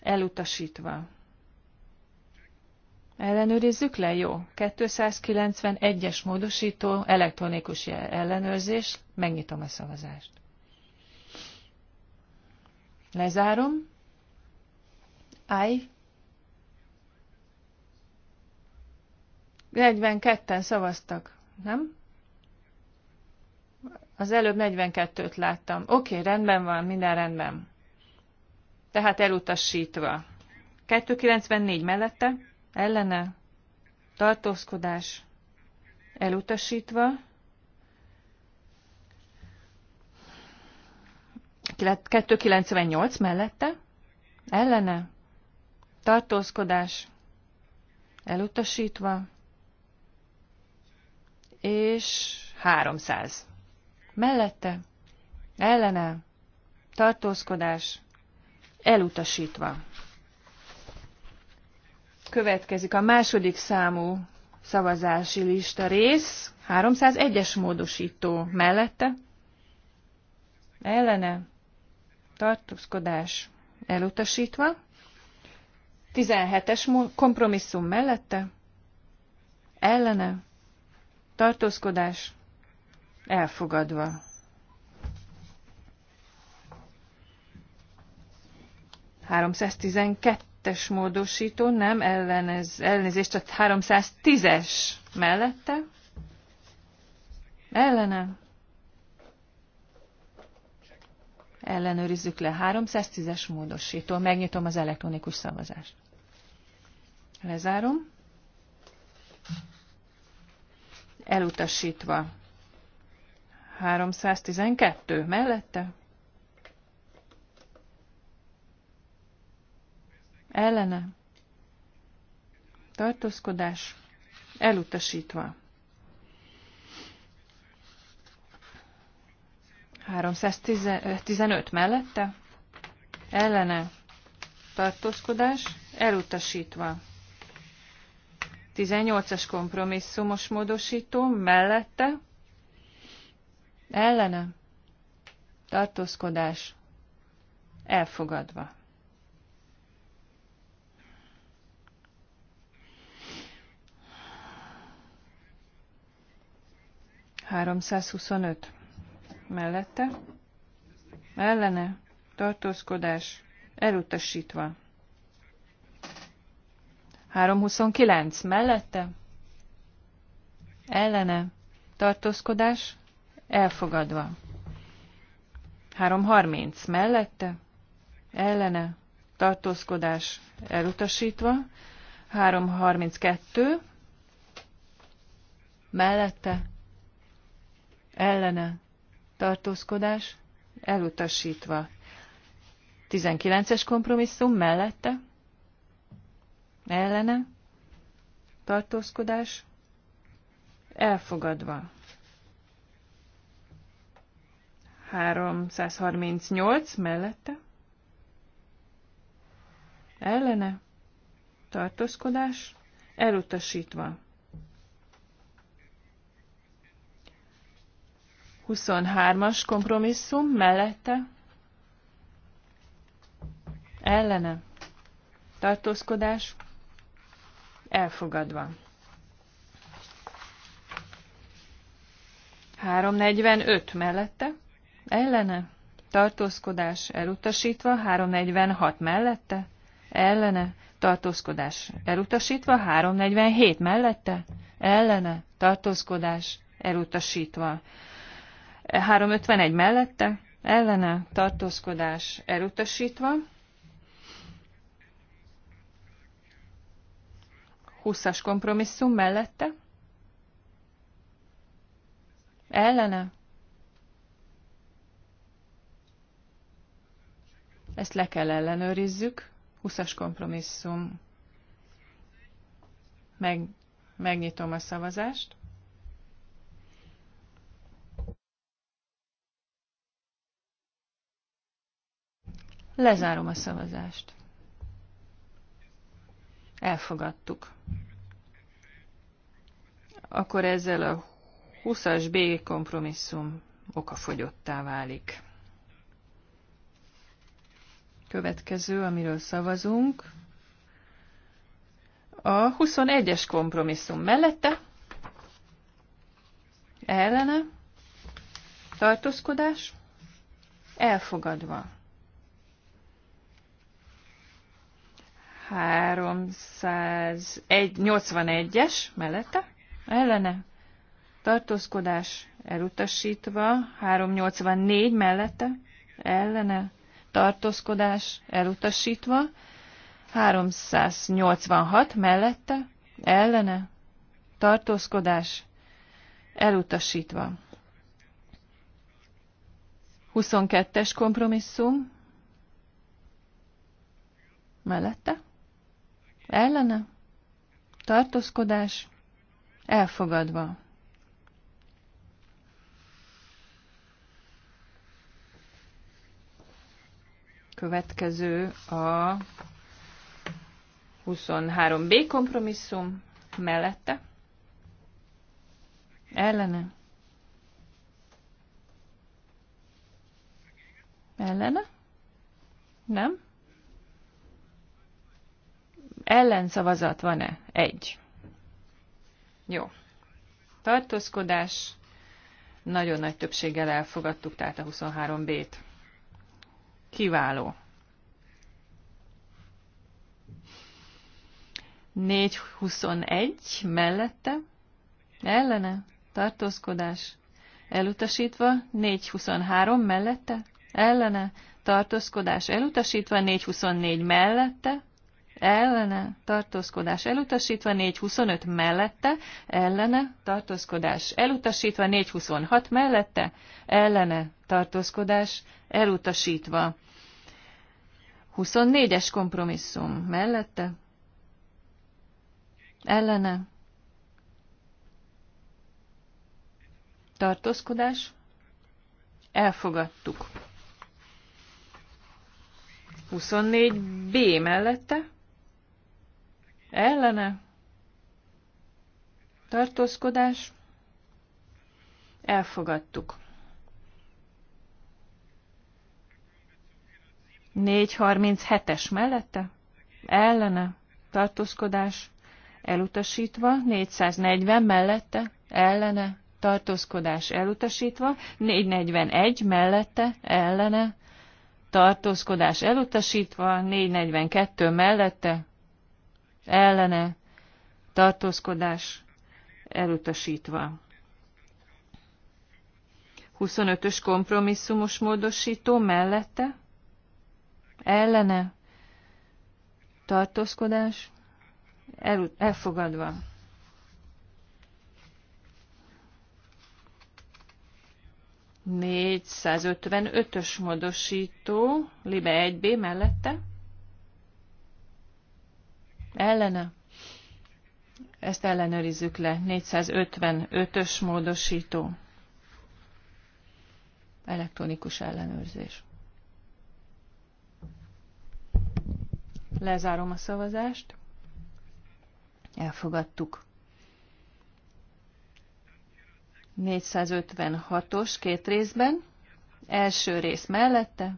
Speaker 1: elutasítva. Ellenőrizzük le, jó. 291-es módosító, elektronikus ellenőrzés, megnyitom a szavazást. Lezárom. Állj. 42-en szavaztak, nem? Az előbb 42-t láttam. Oké, okay, rendben van, minden rendben. Tehát elutasítva. 294 mellette, ellene, tartózkodás, elutasítva. 298 mellette, ellene, tartózkodás, elutasítva, és 300 mellette, ellene, tartózkodás, elutasítva. Következik a második számú szavazási lista rész, 301-es módosító mellette, ellene, tartózkodás, elutasítva, 17-es kompromisszum mellette, ellene, tartózkodás, elfogadva. es módosító, nem, ellenez, ellenezés, csak 310-es mellette. Ellene. Ellenőrizzük le. 310-es módosító. Megnyitom az elektronikus szavazást. Lezárom. Elutasítva. 312 mellette. Ellene. Tartózkodás elutasítva. 315 mellette. Ellene. Tartózkodás elutasítva. 18-as kompromisszumos módosító mellette ellene, tartózkodás, elfogadva. Háromszázhuszonöt mellette, ellene, tartózkodás, elutasítva. 329 mellette, ellene, tartózkodás, elfogadva. 3.30 mellette, ellene, tartózkodás elutasítva. 3.32 mellette, ellene, tartózkodás elutasítva. 19-es kompromisszum mellette, ellene, tartózkodás elfogadva. 338 mellette. Ellene. Tartózkodás. Elutasítva. 23-as kompromisszum mellette. Ellene. Tartózkodás. Elfogadva. 345 mellette ellene, tartózkodás elutasítva, 346 mellette, ellene, tartózkodás elutasítva, 347 mellette, ellene, tartózkodás elutasítva, 351 mellette, ellene, tartózkodás elutasítva, 20-as kompromisszum mellette, ellene, Ezt le kell ellenőrizzük. 20-as kompromisszum. Meg, megnyitom a szavazást. Lezárom a szavazást. Elfogadtuk. Akkor ezzel a 20-as B kompromisszum okafogyottá válik következő, amiről szavazunk. A 21-es kompromisszum mellette ellene tartózkodás elfogadva. 381-es mellette ellene tartózkodás elutasítva, 384 mellette ellene tartózkodás elutasítva, 386 mellette, ellene, tartózkodás elutasítva. 22-es kompromisszum mellette, ellene, tartózkodás elfogadva. Következő a 23B kompromisszum mellette. Ellene. Ellene? Nem? Ellenszavazat van-e? Egy. Jó. Tartózkodás. Nagyon nagy többséggel elfogadtuk, tehát a 23B-t. Kiváló. 421 mellette, ellene, tartózkodás, elutasítva, 423 mellette, ellene, tartózkodás, elutasítva, 424 mellette, ellene tartózkodás elutasítva, 425 mellette, ellene tartózkodás elutasítva, 426 mellette, ellene tartózkodás elutasítva. 24-es kompromisszum mellette, ellene tartózkodás elfogadtuk. 24B mellette, ellene, tartózkodás, elfogadtuk. 437-es mellette, ellene, tartózkodás, elutasítva, 440 mellette, ellene, tartózkodás elutasítva, 441 mellette, ellene, tartózkodás elutasítva, 442 mellette, ellene tartózkodás elutasítva. 25-ös kompromisszumos módosító mellette, ellene tartózkodás elfogadva. elfogadva. ös modosító, libe 1b mellette, Ellene? Ezt ellenőrizzük le. 455-ös módosító. Elektronikus ellenőrzés. Lezárom a szavazást. Elfogadtuk. 456-os két részben. Első rész mellette.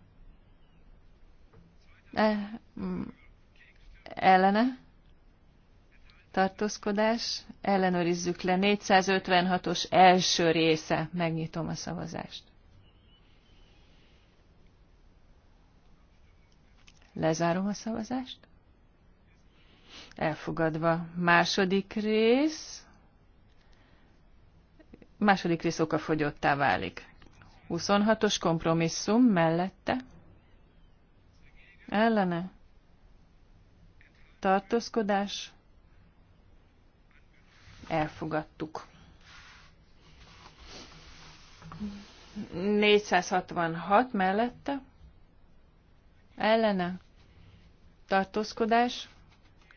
Speaker 1: E, ellene tartózkodás, ellenőrizzük le 456-os első része, megnyitom a szavazást. Lezárom a szavazást. Elfogadva. Második rész. Második rész okafogyottá válik. 26-os kompromisszum mellette. Ellene. Tartózkodás elfogadtuk. 466 mellette ellene tartózkodás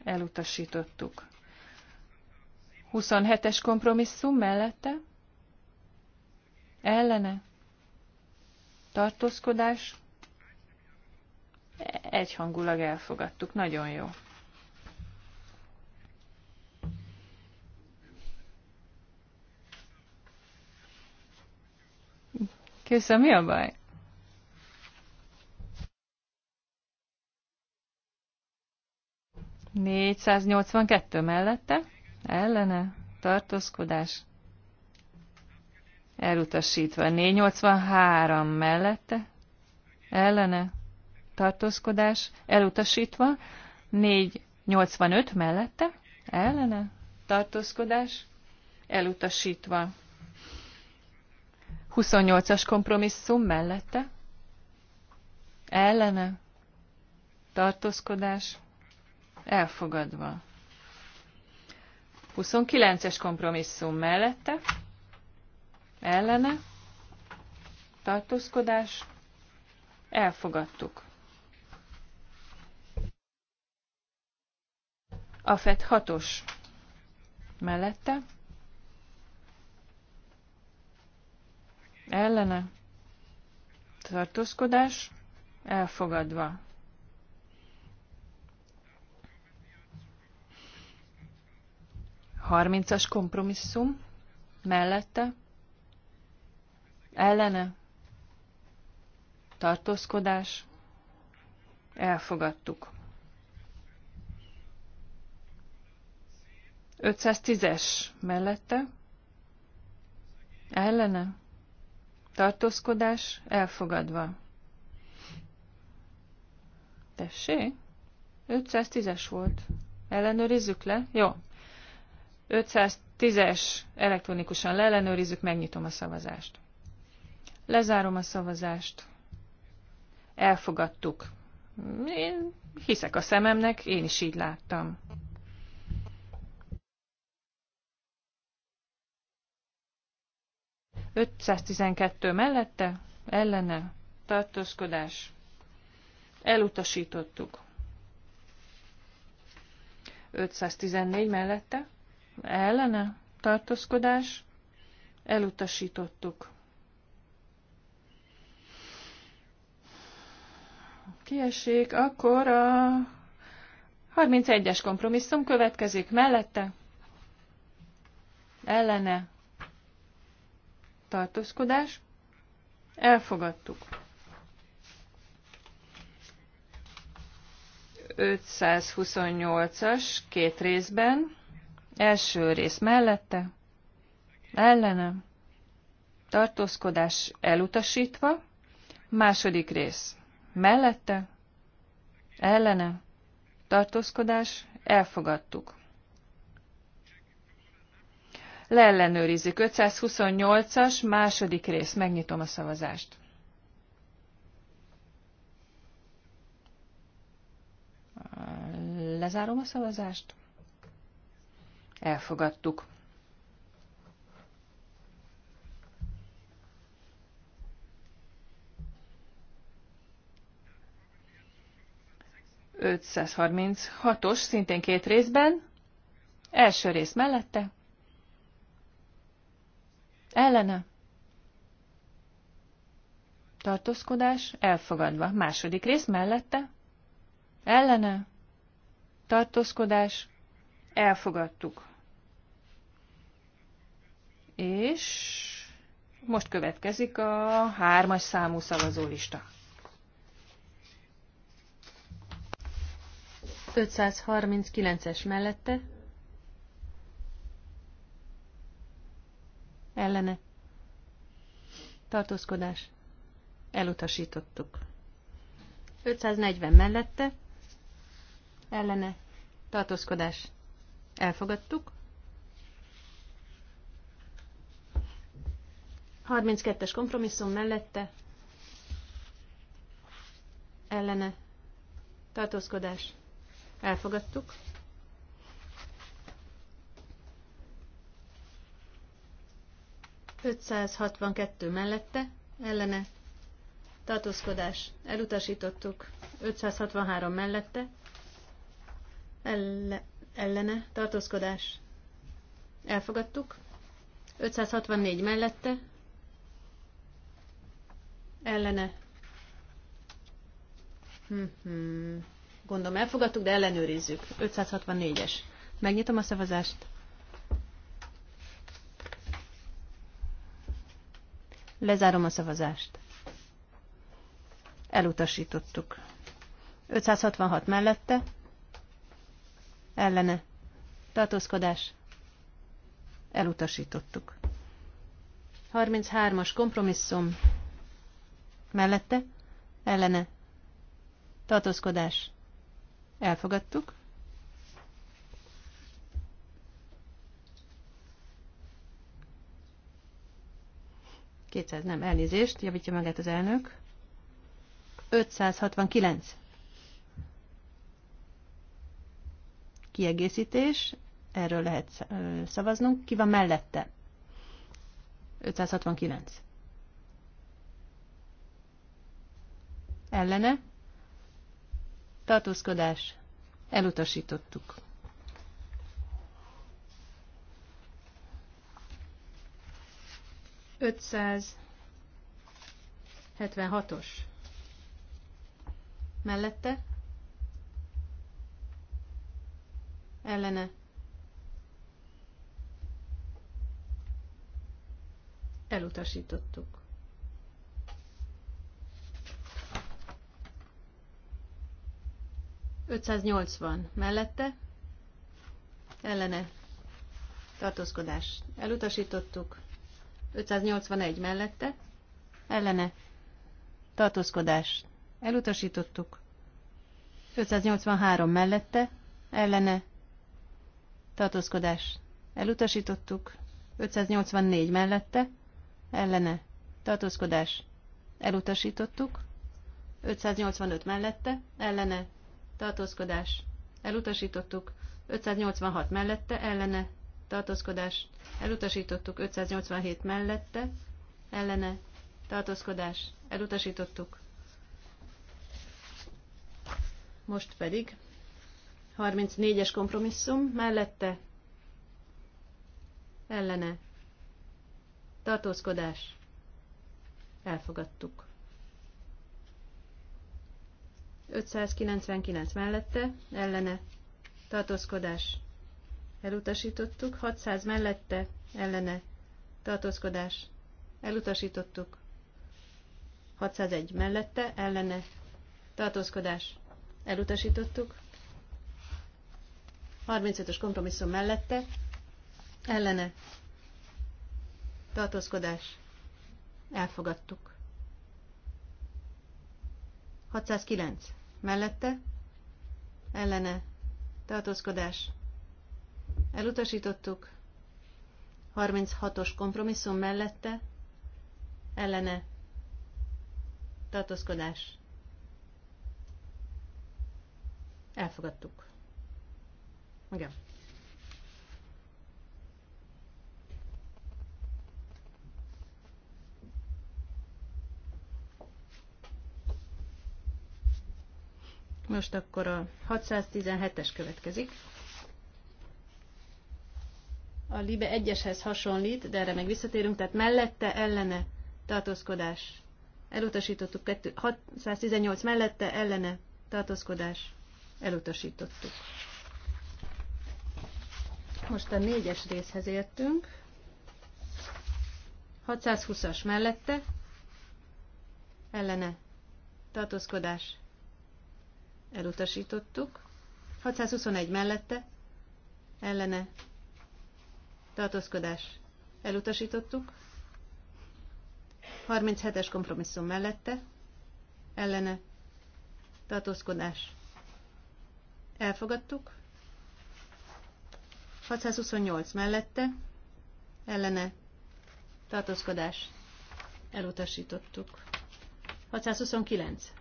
Speaker 1: elutasítottuk. 27-es kompromisszum mellette ellene tartózkodás egyhangulag elfogadtuk. Nagyon jó. Köszönöm, mi a baj? Négyszáznyolcvankettő mellette? Ellene? Tartózkodás? Elutasítva. 483 mellette? Ellene? Tartózkodás? Elutasítva. 485 mellette? Ellene? Tartózkodás? Elutasítva. 28-as kompromisszum mellette, ellene, tartózkodás, elfogadva. 29-es kompromisszum mellette, ellene, tartózkodás, elfogadtuk. A FED 6-os mellette, ellene, tartózkodás, elfogadva. Harmincas kompromisszum, mellette, ellene, tartózkodás, elfogadtuk. 510-es mellette, ellene, Tartózkodás elfogadva. Tessé? 510-es volt. Ellenőrizzük le? Jó. 510-es elektronikusan leellenőrizzük, megnyitom a szavazást. Lezárom a szavazást. Elfogadtuk. Én hiszek a szememnek, én is így láttam. 512 mellette, ellene, tartózkodás, elutasítottuk. 514 mellette, ellene, tartózkodás, elutasítottuk. Kiesik, akkor a 31-es kompromisszum következik mellette, ellene, tartózkodás, elfogadtuk. 528-as két részben, első rész mellette, ellene, tartózkodás elutasítva, második rész mellette, ellene, tartózkodás elfogadtuk leellenőrizzük. 528-as, második rész, megnyitom a szavazást. Lezárom a szavazást. Elfogadtuk. Ötszázharminc hatos, szintén két részben. Első rész mellette, Ellene. Tartózkodás elfogadva. Második rész mellette. Ellene. Tartózkodás elfogadtuk. És most következik a hármas számú szavazólista.
Speaker 2: 539-es mellette ellene tartózkodás elutasítottuk. 540 mellette ellene tartózkodás elfogadtuk. 32-es kompromisszum mellette ellene tartózkodás elfogadtuk. 562 mellette, ellene, tartózkodás, elutasítottuk. 563 mellette, elle, ellene, tartózkodás, elfogadtuk. 564 mellette, ellene, mhm. gondolom elfogadtuk, de ellenőrizzük. 564-es. Megnyitom a szavazást. Lezárom a szavazást. Elutasítottuk. 566 mellette. Ellene. Tartózkodás. Elutasítottuk. 33-as kompromisszum. Mellette. Ellene. Tartózkodás. Elfogadtuk. 200, nem, elnézést, javítja magát az elnök. 569. Kiegészítés, erről lehet szavaznunk. Ki van mellette? 569. Ellene? Tartózkodás. Elutasítottuk. 576-os mellette ellene elutasítottuk. Ötszáznyolcvan mellette ellene tartózkodás elutasítottuk. 581 mellette, ellene tartózkodás elutasítottuk, 583 mellette, ellene tartózkodás elutasítottuk, 584 mellette, ellene tartózkodás elutasítottuk, 585 mellette, ellene tartózkodás elutasítottuk, 586 mellette, ellene tartózkodás elutasítottuk 587 mellette, ellene tartózkodás elutasítottuk. Most pedig 34-es kompromisszum mellette, ellene tartózkodás elfogadtuk. 599 mellette, ellene tartózkodás elutasítottuk, 600 mellette ellene tartózkodás elutasítottuk, 601 mellette ellene tartózkodás elutasítottuk, 35-ös kompromisszum mellette ellene tartózkodás elfogadtuk. 609 mellette ellene tartózkodás Elutasítottuk. 36-os kompromisszum mellette ellene tartózkodás. Elfogadtuk. Igen. Most akkor a 617-es következik a Libe egyeshez hasonlít, de erre még visszatérünk, tehát mellette ellene tartózkodás. Elutasítottuk 618 mellette ellene tartózkodás. Elutasítottuk. Most a négyes részhez értünk. 620-as mellette ellene tartózkodás. Elutasítottuk. 621 mellette ellene tartózkodás elutasítottuk. 37-es kompromisszum mellette, ellene, tartózkodás elfogadtuk. 628 mellette, ellene, tartózkodás elutasítottuk. 629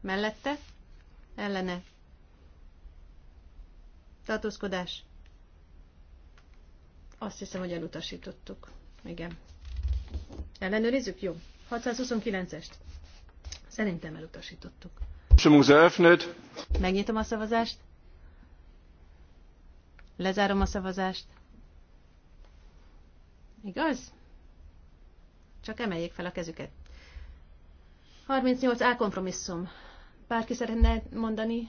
Speaker 2: mellette, ellene, tartózkodás azt hiszem, hogy elutasítottuk. Igen. Ellenőrizzük? Jó. 629-est. Szerintem elutasítottuk. Megnyitom a szavazást. Lezárom a szavazást. Igaz? Csak emeljék fel a kezüket. 38 A kompromisszum. Bárki szeretne mondani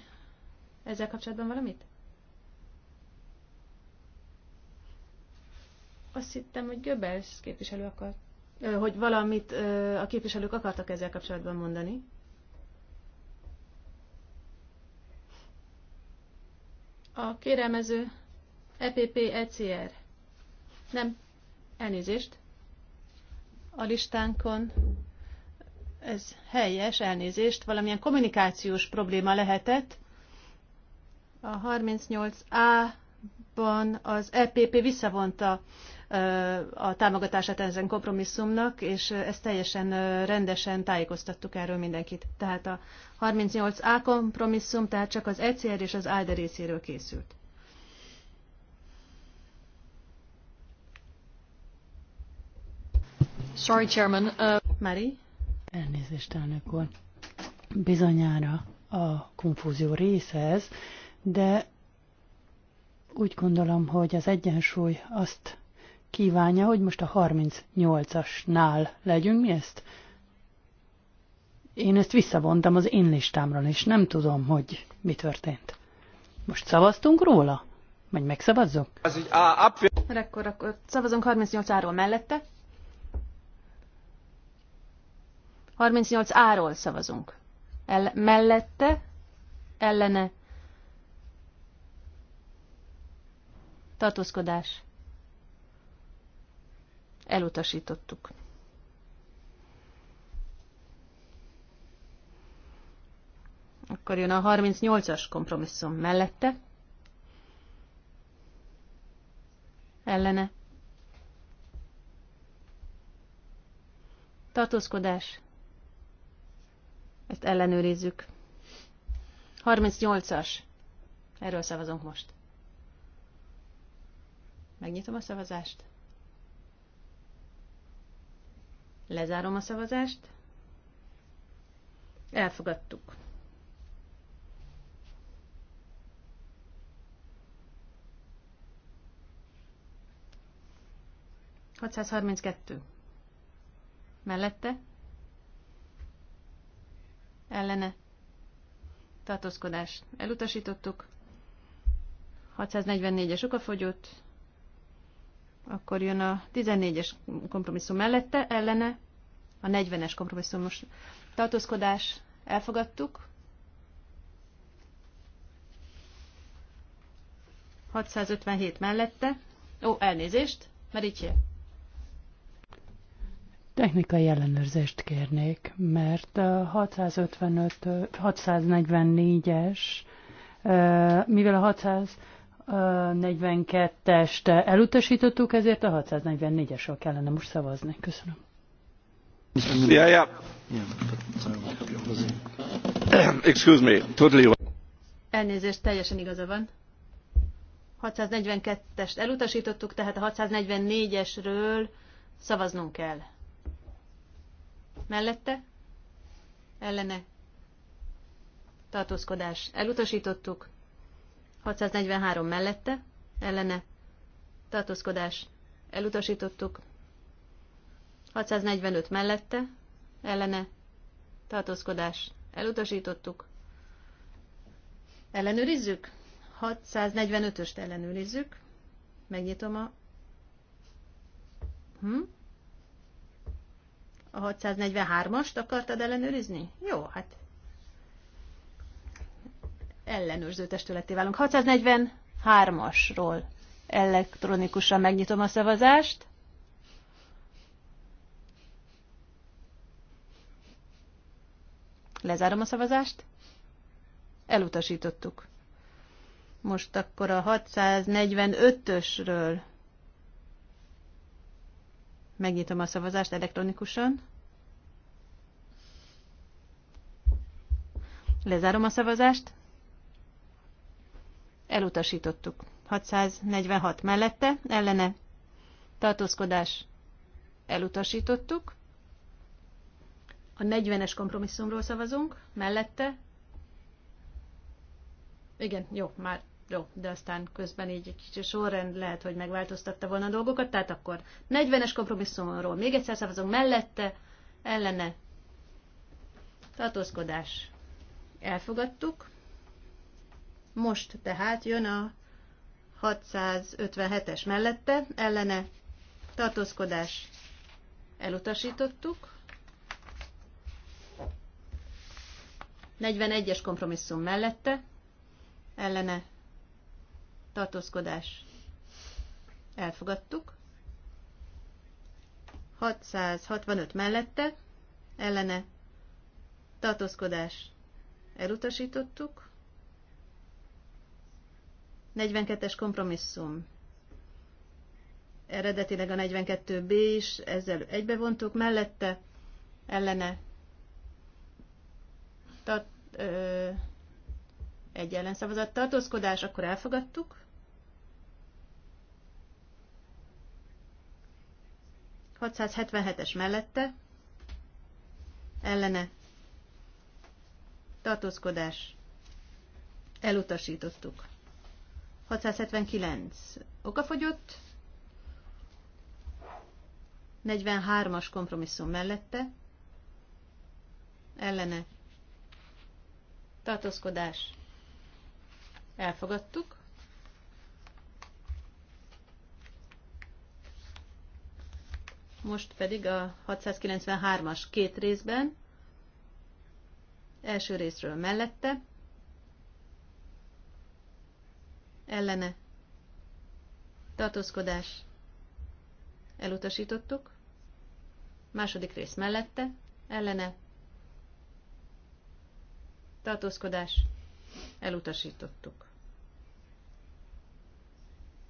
Speaker 2: ezzel kapcsolatban valamit? Azt hittem, hogy Göbels képviselő akart, hogy valamit a képviselők akartak ezzel kapcsolatban mondani. A kérelmező EPP-ECR. Nem, elnézést. A listánkon ez helyes, elnézést, valamilyen kommunikációs probléma lehetett. A 38A-ban az EPP visszavonta a támogatását ezen kompromisszumnak, és ezt teljesen rendesen tájékoztattuk erről mindenkit. Tehát a 38A kompromisszum, tehát csak az ECR és az ALDE részéről készült. Sorry, Chairman. Uh... Mari? Elnézést, elnök úr. Bizonyára a konfúzió része ez, de úgy gondolom, hogy az egyensúly azt kívánja, hogy most a 38-asnál legyünk. Mi ezt? Én ezt visszavontam az én listámról, és nem tudom,
Speaker 1: hogy mi történt. Most szavaztunk róla? Vagy megszavazzunk?
Speaker 2: Mert akkor, akkor szavazunk 38-áról mellette. 38-áról szavazunk. El, mellette, ellene, tartózkodás. Elutasítottuk. Akkor jön a 38-as kompromisszum mellette. Ellene. Tartózkodás. Ezt ellenőrizzük. 38-as. Erről szavazunk most. Megnyitom a szavazást. Lezárom a szavazást. Elfogadtuk. Hatszázharminckettő. Mellette? Ellene? Tartózkodás. Elutasítottuk. 644-es okafogyott. Akkor jön a 14-es kompromisszum mellette, ellene, a 40-es kompromisszumos tartózkodás elfogadtuk. 657 mellette. Ó, elnézést, Mericsie. Technikai
Speaker 1: ellenőrzést kérnék, mert a 655, 644-es,
Speaker 2: mivel a 600 642-est elutasítottuk, ezért a 644-esről kellene most szavazni. Köszönöm.
Speaker 1: Ja, ja. Excuse me, totally.
Speaker 2: Elnézést, teljesen igaza van. 642-est elutasítottuk, tehát a 644-esről szavaznunk kell. Mellette? Ellene? Tartózkodás. Elutasítottuk. 643 mellette, ellene, tartózkodás, elutasítottuk. 645 mellette, ellene, tartózkodás, elutasítottuk. Ellenőrizzük? 645-öst ellenőrizzük. Megnyitom a... Hm? A 643-ast akartad ellenőrizni? Jó, hát ellenőrző testületé válunk. 643-asról elektronikusan megnyitom a szavazást. Lezárom a szavazást. Elutasítottuk. Most akkor a 645-ösről megnyitom a szavazást elektronikusan. Lezárom a szavazást. Elutasítottuk. 646 mellette, ellene tartózkodás elutasítottuk. A 40-es kompromisszumról szavazunk, mellette. Igen, jó, már jó, de aztán közben így egy kicsi sorrend lehet, hogy megváltoztatta volna a dolgokat, tehát akkor 40-es kompromisszumról még egyszer szavazunk, mellette, ellene, tartózkodás, elfogadtuk. Most tehát jön a 657-es mellette, ellene tartózkodás elutasítottuk. 41-es kompromisszum mellette, ellene tartózkodás elfogadtuk. 665 mellette, ellene tartózkodás elutasítottuk. 42-es kompromisszum. Eredetileg a 42B is, ezzel egybevontuk, mellette ellene tart, ö, egy ellenszavazat tartózkodás, akkor elfogadtuk. 677-es mellette ellene tartózkodás elutasítottuk. 679 okafogyott, 43-as kompromisszum mellette, ellene tartózkodás elfogadtuk, most pedig a 693-as két részben, első részről mellette, ellene tartózkodás elutasítottuk, második rész mellette ellene tartózkodás elutasítottuk.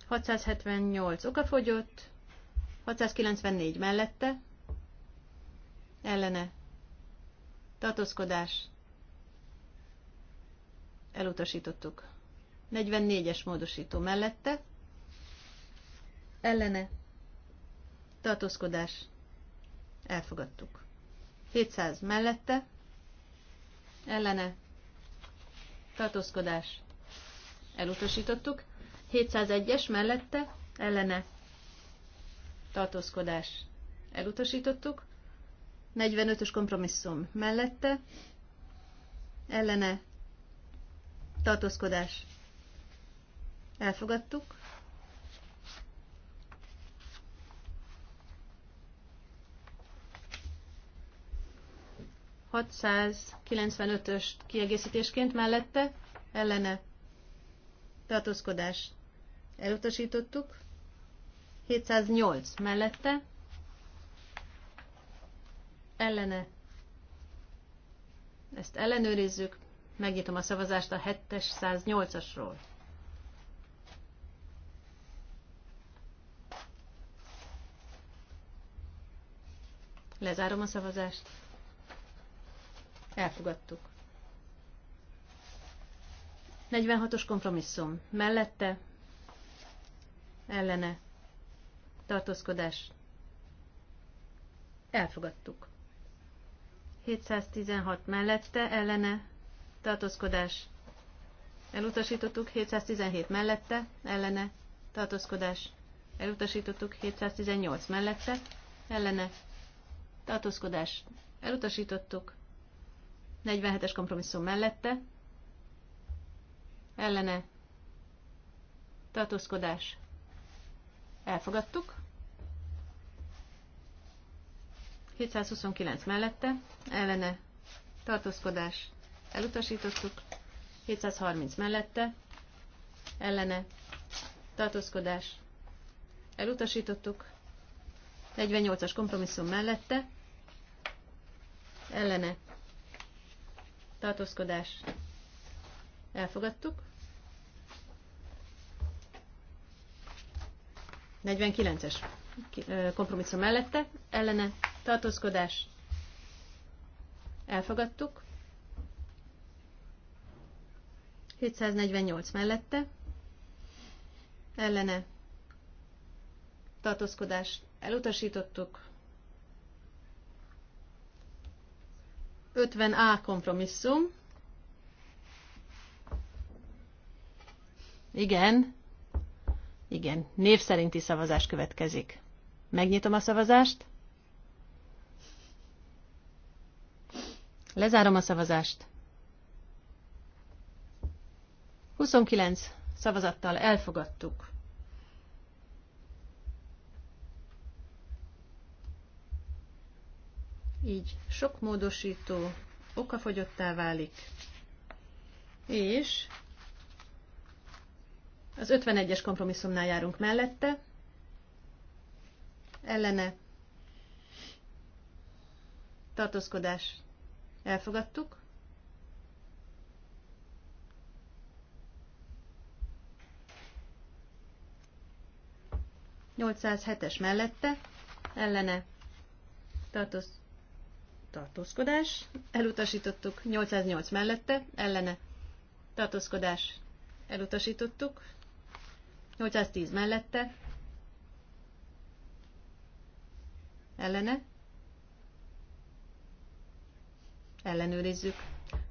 Speaker 2: 678 okafogyott, 694 mellette, ellene, tartózkodás, elutasítottuk. 44-es módosító mellette, ellene, tartózkodás, elfogadtuk. 700 mellette, ellene, tartózkodás, elutasítottuk. 701-es mellette, ellene, tartózkodás, elutasítottuk. 45-ös kompromisszum mellette, ellene, tartózkodás, Elfogadtuk. ös kiegészítésként mellette ellene tartózkodás elutasítottuk. 708 mellette ellene ezt ellenőrizzük, megnyitom a szavazást a 7-es 108-asról. Lezárom a szavazást. Elfogadtuk. 46-os kompromisszum. Mellette, ellene, tartózkodás. Elfogadtuk. 716 mellette, ellene, tartózkodás. Elutasítottuk 717 mellette, ellene, tartózkodás. Elutasítottuk 718 mellette, ellene, tartózkodás elutasítottuk, 47-es kompromisszum mellette, ellene tartózkodás elfogadtuk, 729 mellette, ellene tartózkodás elutasítottuk, 730 mellette, ellene tartózkodás elutasítottuk, 48-as kompromisszum mellette, ellene tartózkodás elfogadtuk. 49-es kompromisszum mellette ellene tartózkodás elfogadtuk. 748 mellette ellene tartózkodást elutasítottuk. 50A kompromisszum. Igen. Igen, név szerinti szavazás következik. Megnyitom a szavazást. Lezárom a szavazást. 29 szavazattal elfogadtuk. így sok módosító okafogyottá válik, és az 51-es kompromisszumnál járunk mellette, ellene tartózkodás elfogadtuk, Nyolcszázhetes mellette, ellene tartoz, tartózkodás, elutasítottuk 808 mellette, ellene tartózkodás, elutasítottuk 810 mellette, ellene, ellenőrizzük,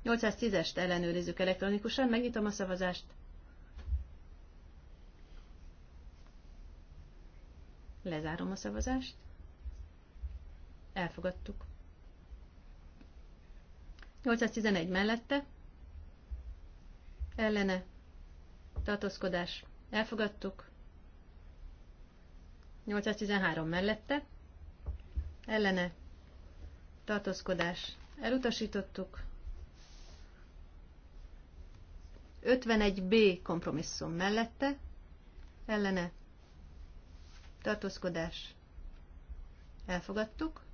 Speaker 2: 810-est ellenőrizzük elektronikusan, megnyitom a szavazást, lezárom a szavazást, elfogadtuk. 811 mellette, ellene, tartózkodás, elfogadtuk. 813 mellette, ellene, tartózkodás, elutasítottuk. 51B kompromisszum mellette, ellene, tartózkodás, elfogadtuk.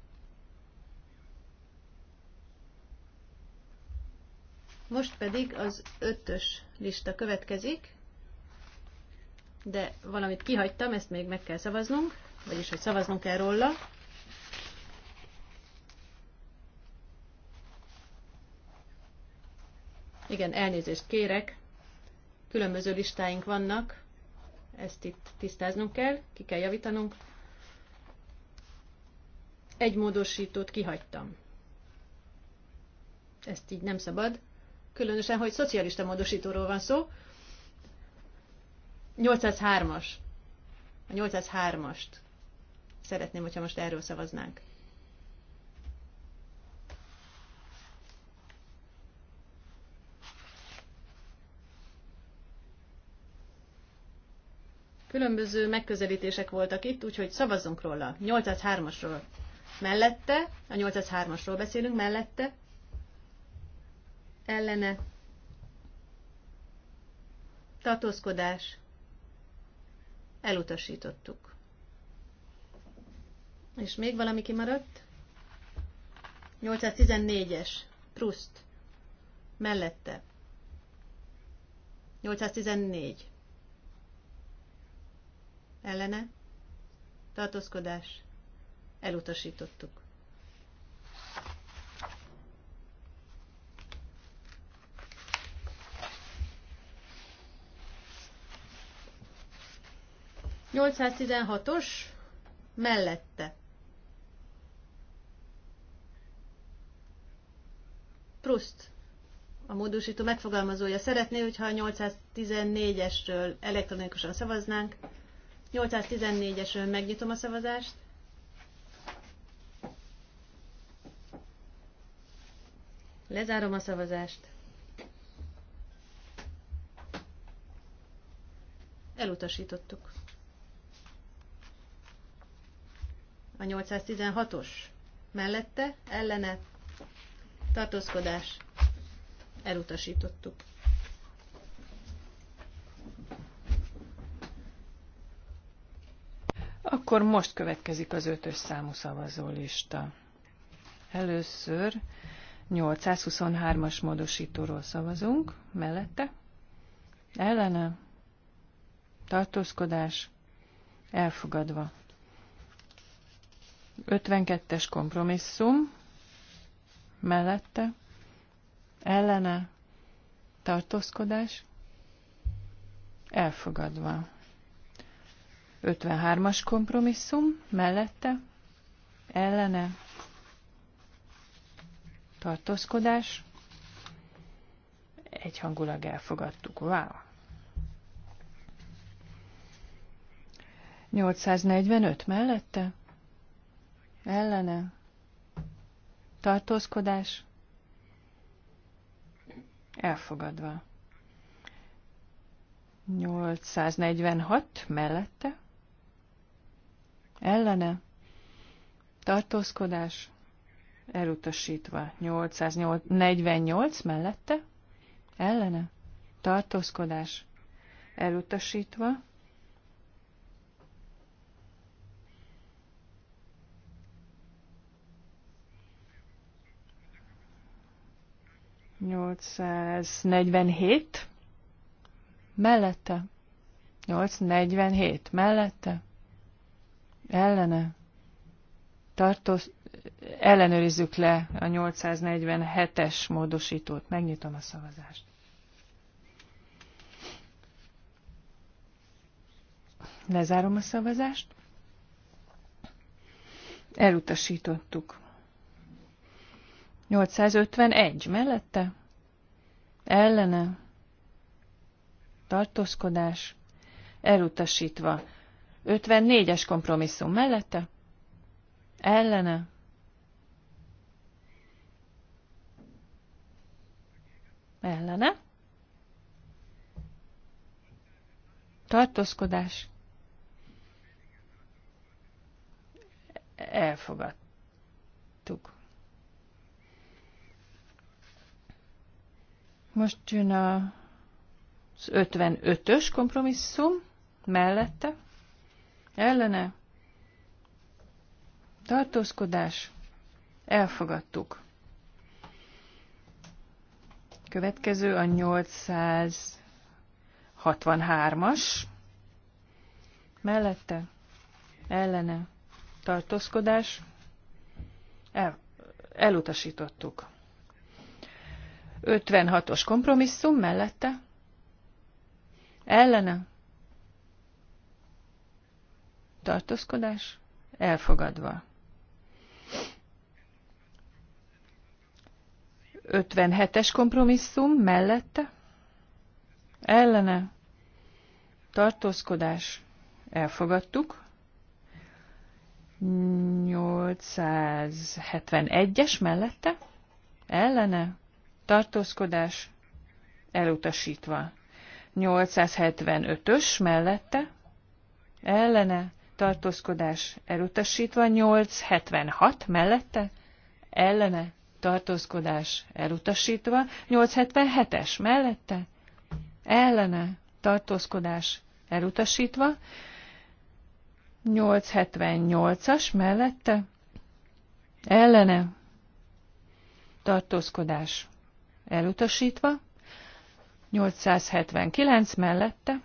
Speaker 2: Most pedig az ötös lista következik, de valamit kihagytam, ezt még meg kell szavaznunk, vagyis hogy szavaznunk kell róla. Igen, elnézést kérek, különböző listáink vannak, ezt itt tisztáznunk kell, ki kell javítanunk. Egy módosítót kihagytam. Ezt így nem szabad különösen, hogy szocialista módosítóról van szó. 803-as. A 803-ast szeretném, hogyha most erről szavaznánk. Különböző megközelítések voltak itt, úgyhogy szavazzunk róla. 803-asról mellette, a 803-asról beszélünk mellette, ellene tartózkodás elutasítottuk. És még valami kimaradt? 814-es, Proust, mellette. 814. Ellene? Tartózkodás. Elutasítottuk. 816-os mellette. Proust, a módosító megfogalmazója szeretné, hogyha a 814-esről elektronikusan szavaznánk. 814-esről megnyitom a szavazást. Lezárom a szavazást. Elutasítottuk. a 816-os mellette ellene tartózkodás elutasítottuk.
Speaker 1: Akkor most következik az ötös számú szavazólista. Először 823-as módosítóról szavazunk, mellette, ellene, tartózkodás, elfogadva. 52-es kompromisszum mellette ellene tartózkodás elfogadva. 53-as kompromisszum mellette ellene tartózkodás egyhangulag elfogadtuk. Wow! 845 mellette ellene, tartózkodás, elfogadva. 846 mellette, ellene, tartózkodás, elutasítva. 848 mellette, ellene, tartózkodás, elutasítva. 847 mellette, 847 mellette, ellene, tartoz, ellenőrizzük le a 847-es módosítót, megnyitom a szavazást. Lezárom a szavazást. Elutasítottuk. 851 mellette, ellene, tartózkodás, elutasítva. 54-es kompromisszum mellette, ellene, ellene, tartózkodás, elfogadtuk. Most jön az 55-ös kompromisszum mellette, ellene, tartózkodás, elfogadtuk. Következő a 863-as, mellette, ellene, tartózkodás, el, elutasítottuk. 56-os kompromisszum mellette, ellene, tartózkodás, elfogadva. 57-es kompromisszum mellette, ellene, tartózkodás, elfogadtuk. 871-es mellette, ellene, tartózkodás elutasítva. 875-ös mellette, ellene, tartózkodás elutasítva, 876 mellette, ellene, tartózkodás elutasítva, 877-es mellette, ellene, tartózkodás elutasítva, 878-as mellette, ellene, tartózkodás elutasítva, 879 mellette,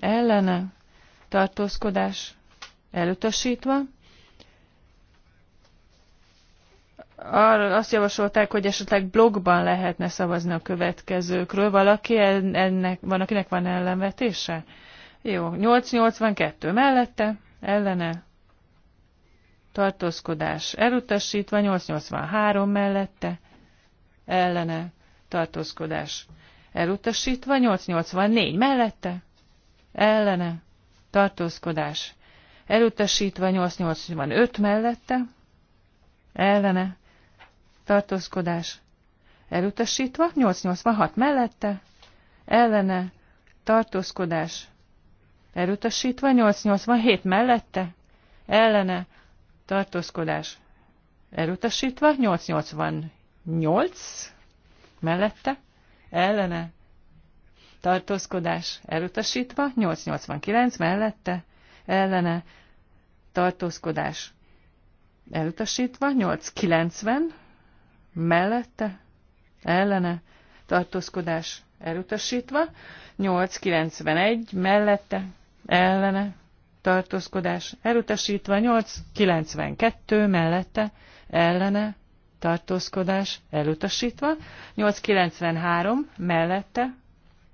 Speaker 1: ellene, tartózkodás elutasítva. Arra azt javasolták, hogy esetleg blogban lehetne szavazni a következőkről. Valaki ennek, van, akinek van ellenvetése? Jó, 882 mellette, ellene, tartózkodás elutasítva, 883 mellette, ellene tartózkodás elutasítva, 884 mellette ellene tartózkodás elutasítva, 885 mellette ellene tartózkodás elutasítva, 886 mellette ellene tartózkodás elutasítva, 887 mellette ellene tartózkodás elutasítva, 888 8 mellette, ellene, tartózkodás elutasítva, 889 mellette, ellene, tartózkodás elutasítva, 890 mellette, ellene, tartózkodás elutasítva, 891 mellette, ellene, tartózkodás elutasítva, 892 mellette, ellene, tartózkodás elutasítva, 893 mellette,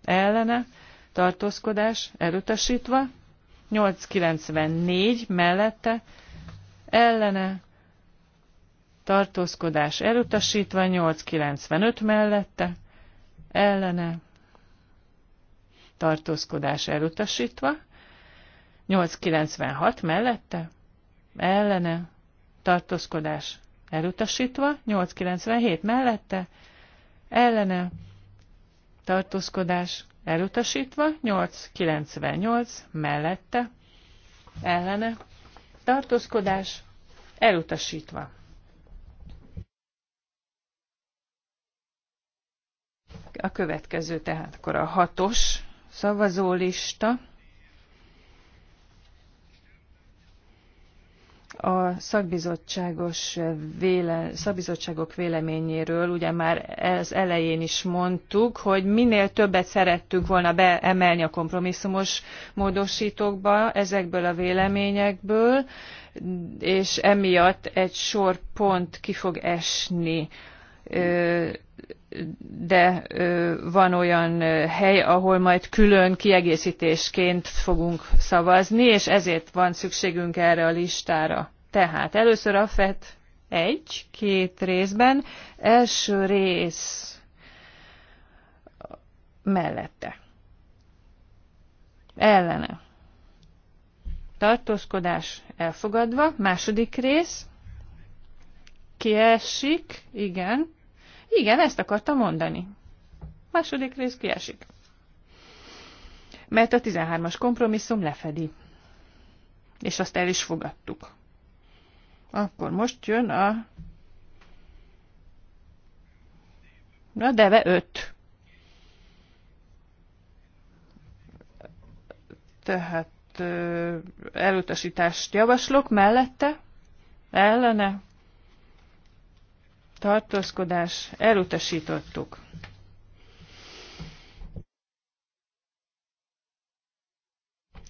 Speaker 1: ellene, tartózkodás elutasítva, 894 mellette, ellene, tartózkodás elutasítva, 895 mellette, ellene, tartózkodás elutasítva, 896 mellette, ellene, tartózkodás elutasítva, 897 mellette, ellene tartózkodás elutasítva, 898 mellette, ellene tartózkodás elutasítva. A következő tehát akkor a hatos szavazólista. a szakbizottságos véle, szakbizottságok véleményéről ugye már az elején is mondtuk, hogy minél többet szerettünk volna beemelni a kompromisszumos módosítókba ezekből a véleményekből, és emiatt egy sor pont ki fog esni de van olyan hely, ahol majd külön kiegészítésként fogunk szavazni, és ezért van szükségünk erre a listára. Tehát először a FET egy, két részben. Első rész mellette. Ellene. Tartózkodás elfogadva. Második rész kiesik, igen. Igen, ezt akartam mondani. Második rész kiesik. Mert a 13-as kompromisszum lefedi. És azt el is fogadtuk. Akkor most jön a... Na, deve 5. Tehát elutasítást javaslok mellette, ellene, tartózkodás, elutasítottuk.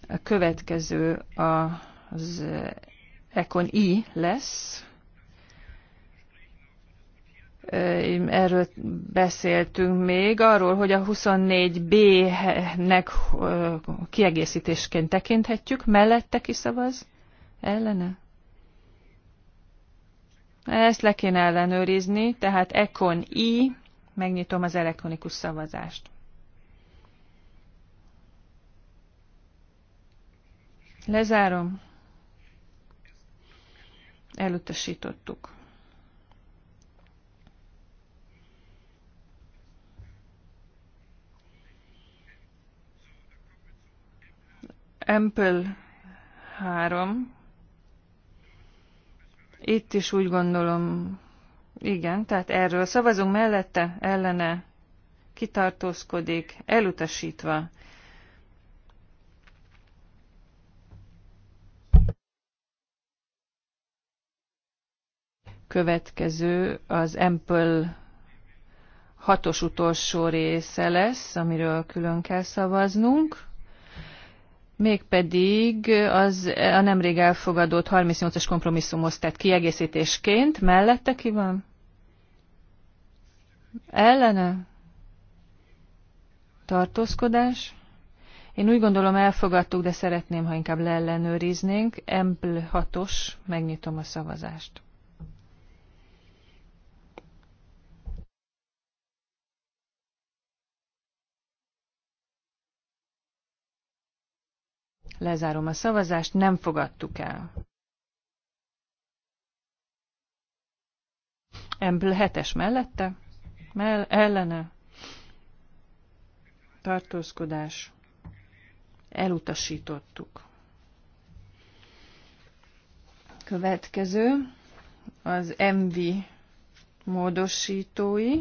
Speaker 1: A következő az Econ I lesz. Erről beszéltünk még, arról, hogy a 24B-nek kiegészítésként tekinthetjük, mellette kiszavaz, ellene? Ezt le kéne ellenőrizni, tehát ekon I, megnyitom az elektronikus szavazást. Lezárom. Elutasítottuk. Ample 3. Itt is úgy gondolom, igen, tehát erről szavazunk mellette, ellene kitartózkodik, elutasítva. Következő az Ample hatos utolsó része lesz, amiről külön kell szavaznunk mégpedig az a nemrég elfogadott 38-as kompromisszumhoz tett kiegészítésként. Mellette ki van? Ellene? Tartózkodás? Én úgy gondolom elfogadtuk, de szeretném, ha inkább leellenőriznénk. Empl 6-os, megnyitom a szavazást. Lezárom a szavazást, nem fogadtuk el. Embl hetes mellette, mell ellene, tartózkodás, elutasítottuk. Következő az MV módosítói.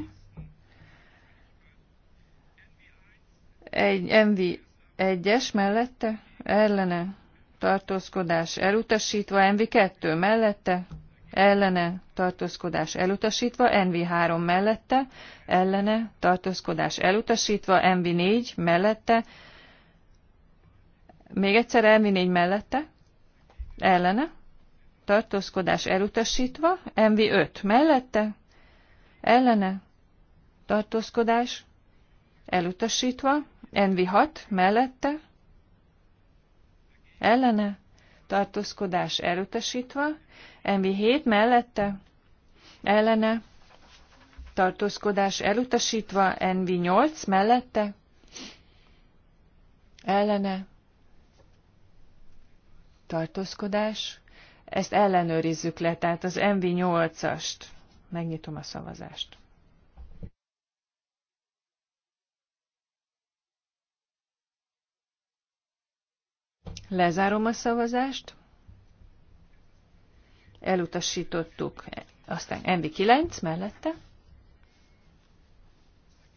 Speaker 1: Egy MV egyes mellette ellene, tartózkodás elutasítva, NV2 mellette, ellene, tartózkodás elutasítva, NV3 mellette, ellene, tartózkodás elutasítva, NV4 mellette, még egyszer NV4 mellette, ellene, tartózkodás elutasítva, NV5 mellette, ellene, tartózkodás elutasítva, NV6 mellette, ellene, tartózkodás elutasítva, MV7 mellette, ellene, tartózkodás elutasítva, NV8 mellette, ellene, tartózkodás, ezt ellenőrizzük le, tehát az MV8-ast. Megnyitom a szavazást. Lezárom a szavazást. Elutasítottuk. Aztán MB9 mellette.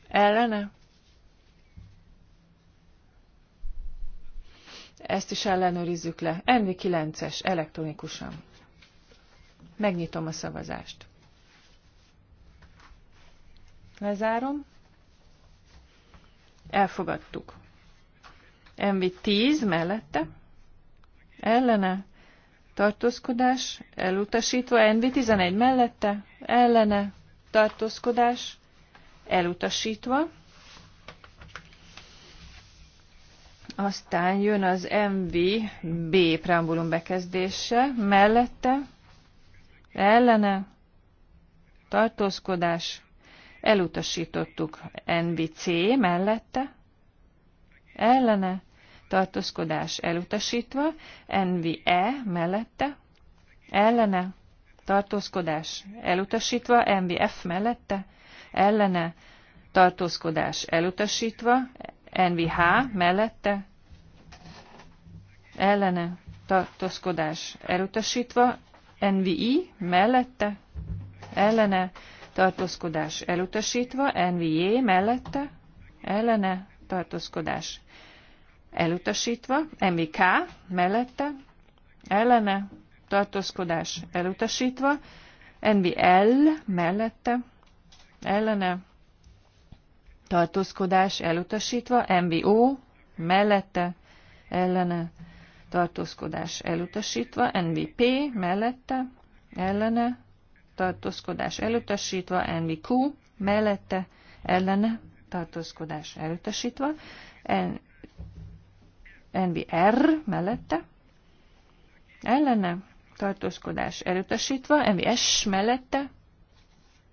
Speaker 1: Ellene. Ezt is ellenőrizzük le. MV9-es elektronikusan. Megnyitom a szavazást. Lezárom. Elfogadtuk. MV10 mellette, ellene, tartózkodás, elutasítva, NV11 mellette, ellene, tartózkodás, elutasítva. Aztán jön az MV B preambulum bekezdése, mellette, ellene, tartózkodás, elutasítottuk NVC mellette, ellene, tartózkodás elutasítva, NVE mellette, ellene, tartózkodás elutasítva, NVF mellette, ellene, tartózkodás elutasítva, NVH mellette, ellene, tartózkodás elutasítva, NVI mellette, ellene, tartózkodás elutasítva, NVJ e mellette, ellene, tartózkodás elutasítva, MIK mellette, ellene, tartózkodás elutasítva, NBL mellette, ellene, tartózkodás elutasítva, MBO mellette, ellene, tartózkodás elutasítva, NVP mellette, ellene, tartózkodás elutasítva, NVQ mellette, ellene, tartózkodás elutasítva, NVR mellette, ellene, tartózkodás elutasítva, NVS mellette,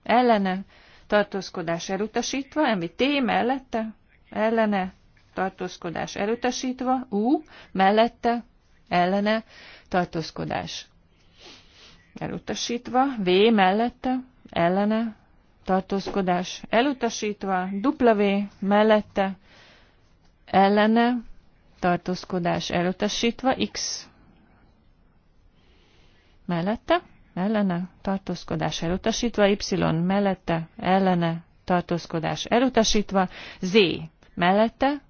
Speaker 1: ellene, tartózkodás elutasítva, NVT mellette, ellene, tartózkodás elutasítva, U mellette, ellene, tartózkodás elutasítva, V mellette, ellene, tartózkodás elutasítva, W mellette, ellene, tartózkodás elutasítva, X mellette, ellene, tartózkodás elutasítva, Y mellette, ellene, tartózkodás elutasítva, Z mellette,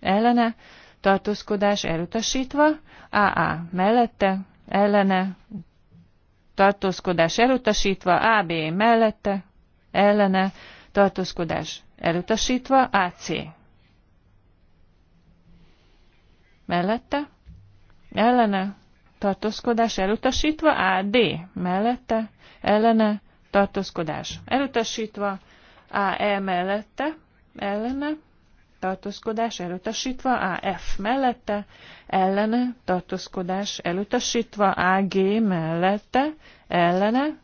Speaker 1: ellene, tartózkodás elutasítva, AA mellette, ellene, tartózkodás elutasítva, AB mellette, ellene, tartózkodás elutasítva, AC mellette, ellene, tartózkodás elutasítva, A, D, mellette, ellene, tartózkodás elutasítva, A, E mellette, ellene, tartózkodás elutasítva, A, F mellette, ellene, tartózkodás elutasítva, A, G mellette, ellene,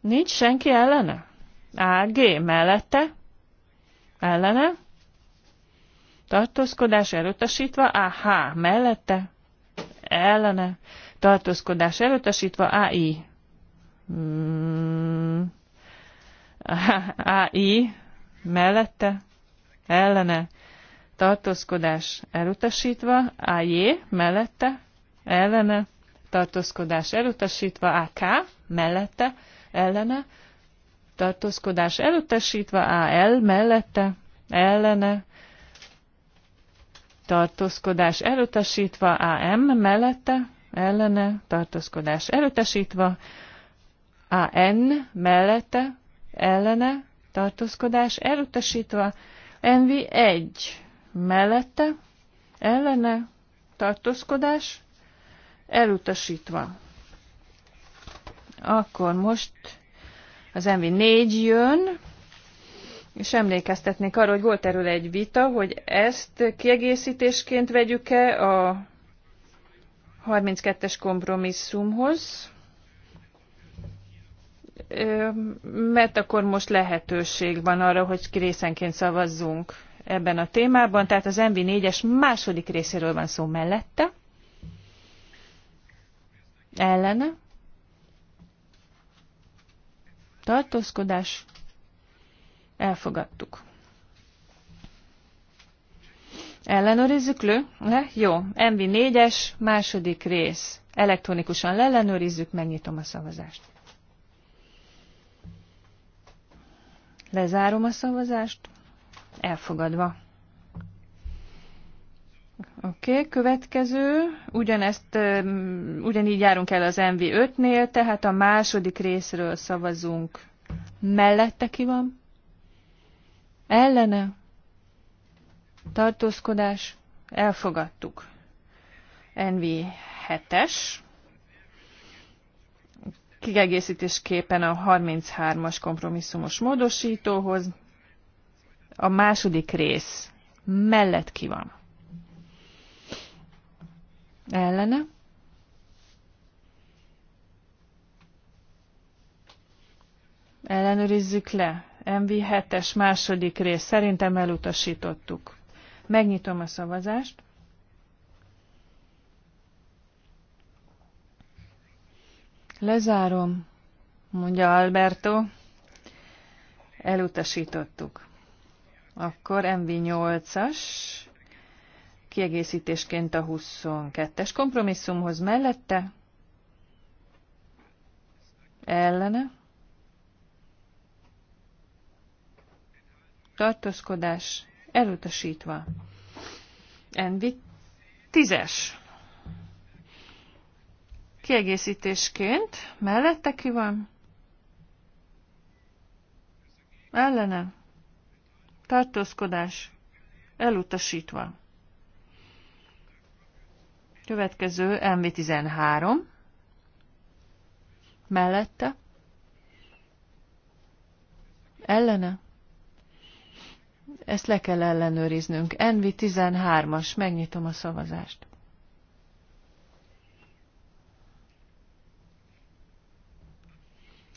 Speaker 1: nincs senki ellene, A, G mellette, ellene, tartózkodás elutasítva, AH mellette, ellene, tartózkodás elutasítva, AI. Hmm. AI *laughs* mellette, ellene, tartózkodás elutasítva, AJ mellette, ellene, tartózkodás elutasítva, AK mellette, ellene, tartózkodás elutasítva, AL mellette, ellene, tartózkodás elutasítva, AM mellette, ellene, tartózkodás elutasítva, AN mellette, ellene, tartózkodás elutasítva, NV1 mellette, ellene, tartózkodás elutasítva. Akkor most az NV4 jön, és emlékeztetnék arra, hogy volt erről egy vita, hogy ezt kiegészítésként vegyük-e a 32-es kompromisszumhoz, mert akkor most lehetőség van arra, hogy részenként szavazzunk ebben a témában. Tehát az MV4-es második részéről van szó mellette. Ellene. Tartózkodás. Elfogadtuk. Ellenőrizzük lő? Le? Jó. MV4-es, második rész. Elektronikusan ellenőrizzük, megnyitom a szavazást. Lezárom a szavazást. Elfogadva. Oké, okay, következő. Ugyanezt, ugyanígy járunk el az MV5-nél, tehát a második részről szavazunk. Mellette ki van? ellene, tartózkodás, elfogadtuk. NV 7-es, kiegészítésképpen a 33-as kompromisszumos módosítóhoz, a második rész mellett ki van. Ellene. Ellenőrizzük le. MV7-es második rész szerintem elutasítottuk. Megnyitom a szavazást. Lezárom, mondja Alberto. Elutasítottuk. Akkor MV8-as kiegészítésként a 22-es kompromisszumhoz mellette, ellene, tartózkodás elutasítva. Envi tízes. Kiegészítésként mellette ki van? Ellene. Tartózkodás elutasítva. Következő MV13. Mellette. Ellene. Ezt le kell ellenőriznünk. Envi 13-as, megnyitom a szavazást.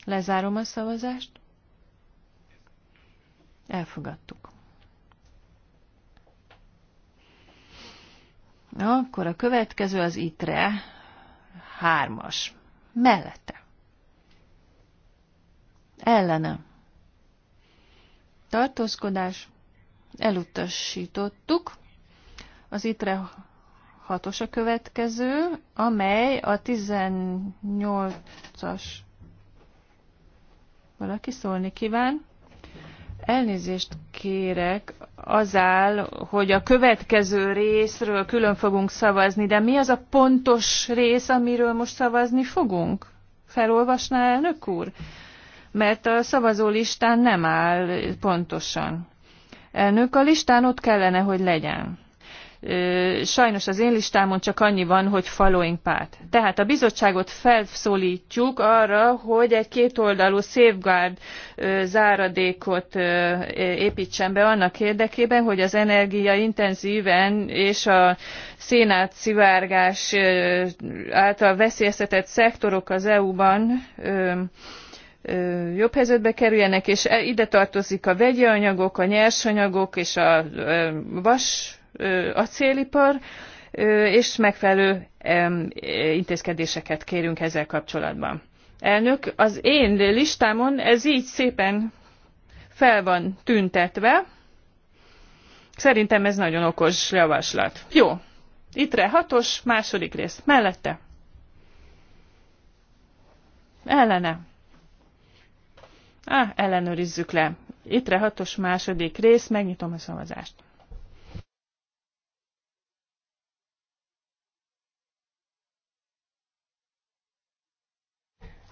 Speaker 1: Lezárom a szavazást. Elfogadtuk. Akkor a következő az itre, hármas. Mellette. Ellene. Tartózkodás elutasítottuk. Az ITRE 6-os a következő, amely a 18-as. Valaki szólni kíván? Elnézést kérek, az áll, hogy a következő részről külön fogunk szavazni, de mi az a pontos rész, amiről most szavazni fogunk? Felolvasná elnök úr? Mert a szavazólistán nem áll pontosan elnök. A listán ott kellene, hogy legyen. Sajnos az én listámon csak annyi van, hogy following párt. Tehát a bizottságot felszólítjuk arra, hogy egy kétoldalú safeguard záradékot építsen be annak érdekében, hogy az energia intenzíven és a szénát szivárgás által veszélyeztetett szektorok az EU-ban jobb helyzetbe kerüljenek, és e, ide tartozik a vegyi anyagok, a nyersanyagok és a vas acélipar, és megfelelő intézkedéseket kérünk ezzel kapcsolatban. Elnök, az én listámon ez így szépen fel van tüntetve. Szerintem ez nagyon okos javaslat. Jó. ittre hatos, második rész. Mellette. Ellene Á, ellenőrizzük le. Ittre hatos második rész, megnyitom a szavazást.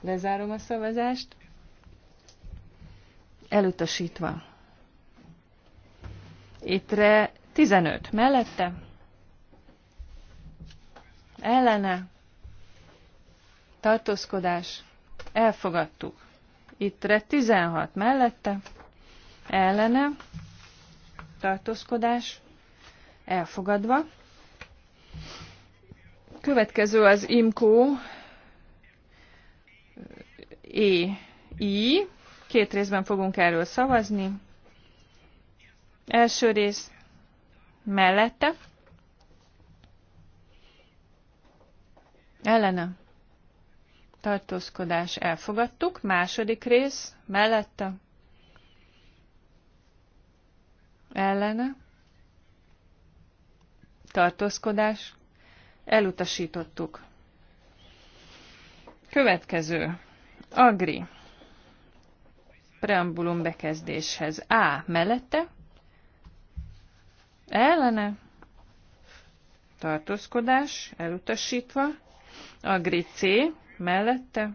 Speaker 1: Lezárom a szavazást. Elutasítva. Ittre 15 mellette. Ellene. Tartózkodás. Elfogadtuk. Ittre 16 mellette, ellene, tartózkodás, elfogadva. Következő az Imkó é, e, I. Két részben fogunk erről szavazni. Első rész mellette, ellene, tartózkodás elfogadtuk. Második rész mellette ellene tartózkodás elutasítottuk. Következő. Agri. Preambulum bekezdéshez. A. Mellette. Ellene. Tartózkodás elutasítva. Agri C mellette,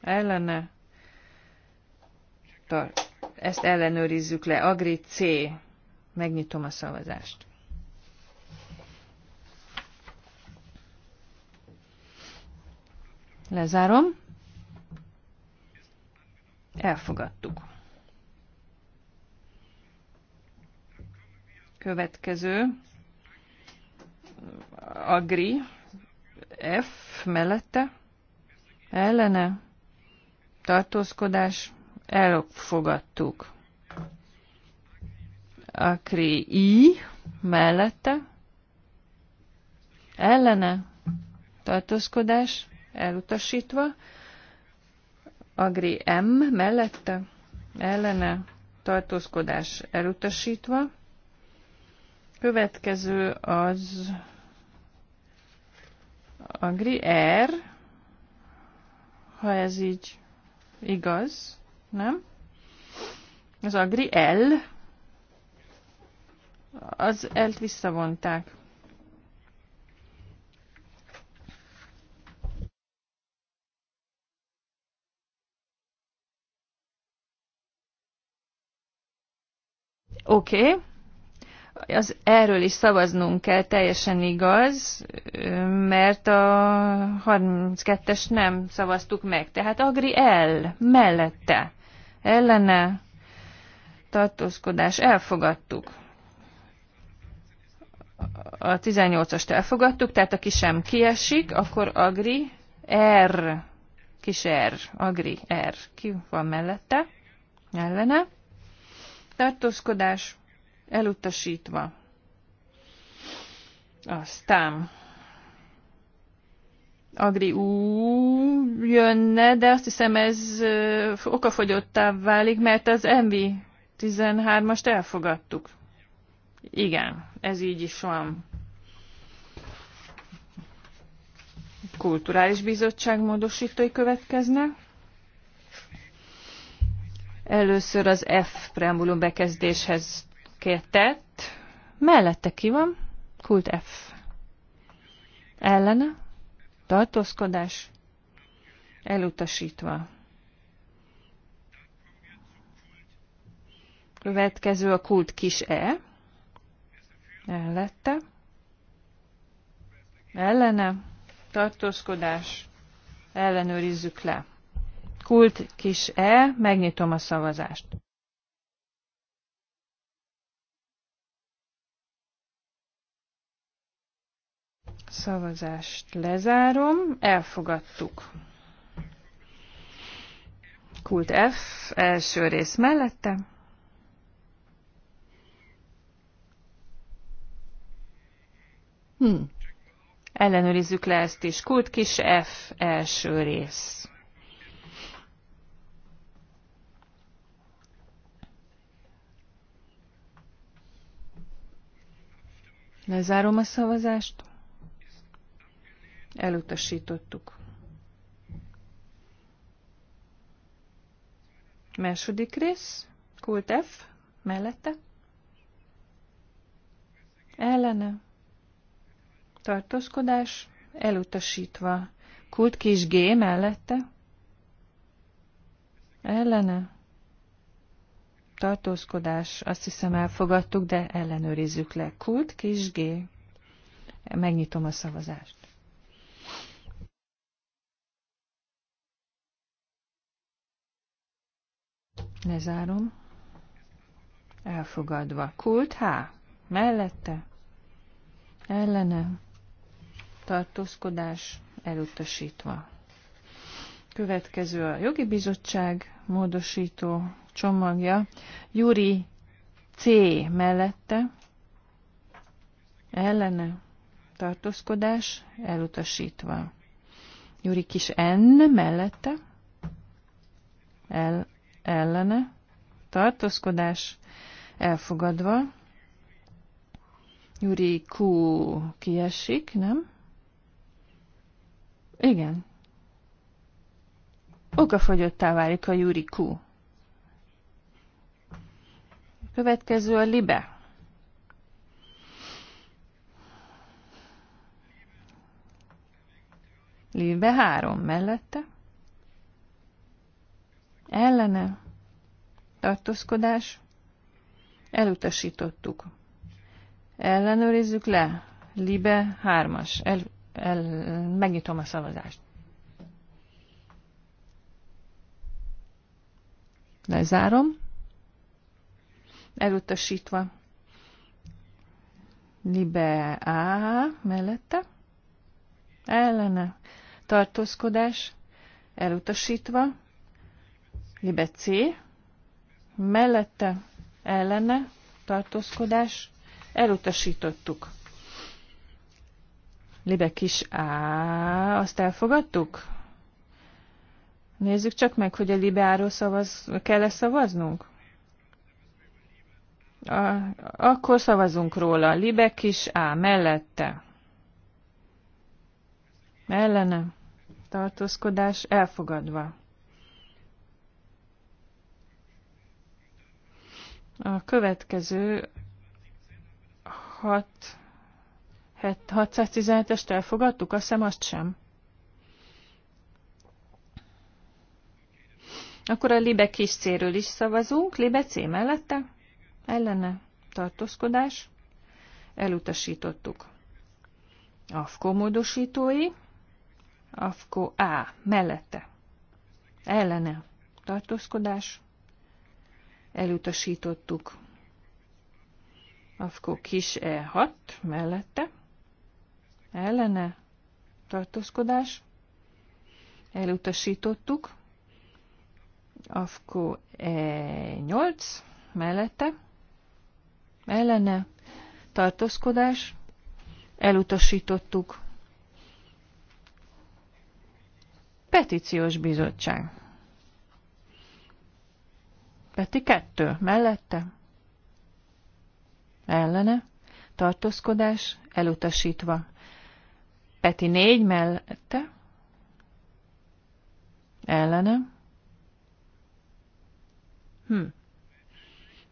Speaker 1: ellene, tart. ezt ellenőrizzük le, Agri C, megnyitom a szavazást. Lezárom. Elfogadtuk. Következő. Agri. F mellette, ellene, tartózkodás, elfogadtuk. Akri I mellette, ellene, tartózkodás, elutasítva. Agri M mellette, ellene, tartózkodás, elutasítva. Következő az Agri R, ha ez így igaz, nem? Az Agri L, az elt visszavonták. Oké, okay az erről is szavaznunk kell, teljesen igaz, mert a 32-es nem szavaztuk meg. Tehát Agri el, mellette, ellene, tartózkodás, elfogadtuk. A 18-ast elfogadtuk, tehát aki sem kiesik, akkor Agri R, kis R, Agri R, ki van mellette, ellene, tartózkodás, elutasítva. Aztán Agri ú jönne, de azt hiszem ez okafogyottá válik, mert az MV 13-ast elfogadtuk. Igen, ez így is van. Kulturális bizottság módosítói következnek. Először az F preambulum bekezdéshez tett. Mellette ki van? Kult F. Ellene? Tartózkodás? Elutasítva. Következő a kult kis E. Ellette. Ellene. Tartózkodás. Ellenőrizzük le. Kult kis E. Megnyitom a szavazást. Szavazást lezárom, elfogadtuk. Kult F, első rész mellette. Hm. Ellenőrizzük le ezt is. Kult kis F, első rész. Lezárom a szavazást elutasítottuk. Második rész, kult F, mellette, ellene, tartózkodás, elutasítva, kult kis G mellette, ellene, tartózkodás, azt hiszem elfogadtuk, de ellenőrizzük le, kult kis G, megnyitom a szavazást. Lezárom. Elfogadva. Kult H. Mellette. Ellene. Tartózkodás elutasítva. Következő a jogi bizottság módosító csomagja. Juri C. mellette. Ellene. Tartózkodás elutasítva. Juri kis N mellette. El, ellene, tartózkodás elfogadva. Juri Q kiesik, nem? Igen. Okafogyottá válik a Juri Q. Következő a libe. Libe három mellette ellene tartózkodás elutasítottuk. Ellenőrizzük le. Libe 3-as. El, el, megnyitom a szavazást. Lezárom. Elutasítva. Libe A mellette. Ellene. Tartózkodás. Elutasítva. Libe C, mellette ellene tartózkodás elutasítottuk. Libe kis A, azt elfogadtuk? Nézzük csak meg, hogy a Libáról szavaz, kell-e szavaznunk? A, akkor szavazunk róla. Libe kis A, mellette. Ellene. Tartózkodás elfogadva. A következő 617-est elfogadtuk, azt hiszem azt sem. Akkor a Libe kis céről is szavazunk. Libe C mellette? Ellene. Tartózkodás. Elutasítottuk. AFKO módosítói. AFKO A mellette. Ellene. Tartózkodás elutasítottuk. Akkor kis E6 mellette, ellene, tartózkodás, elutasítottuk. Afko E8 mellette, ellene, tartózkodás, elutasítottuk. Petíciós bizottság. Peti kettő mellette. Ellene. Tartózkodás elutasítva. Peti négy mellette. Ellene. Hm.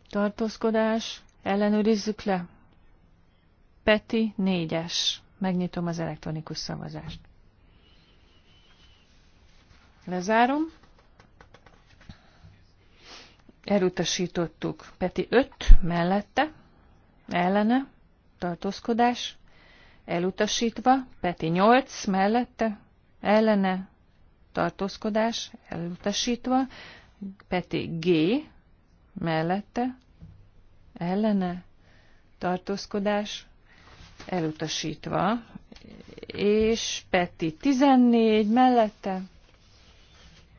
Speaker 1: Tartózkodás. Ellenőrizzük le. Peti négyes. Megnyitom az elektronikus szavazást. Lezárom elutasítottuk. Peti 5 mellette, ellene, tartózkodás, elutasítva. Peti 8 mellette, ellene, tartózkodás, elutasítva. Peti G mellette, ellene, tartózkodás, elutasítva. És Peti 14 mellette,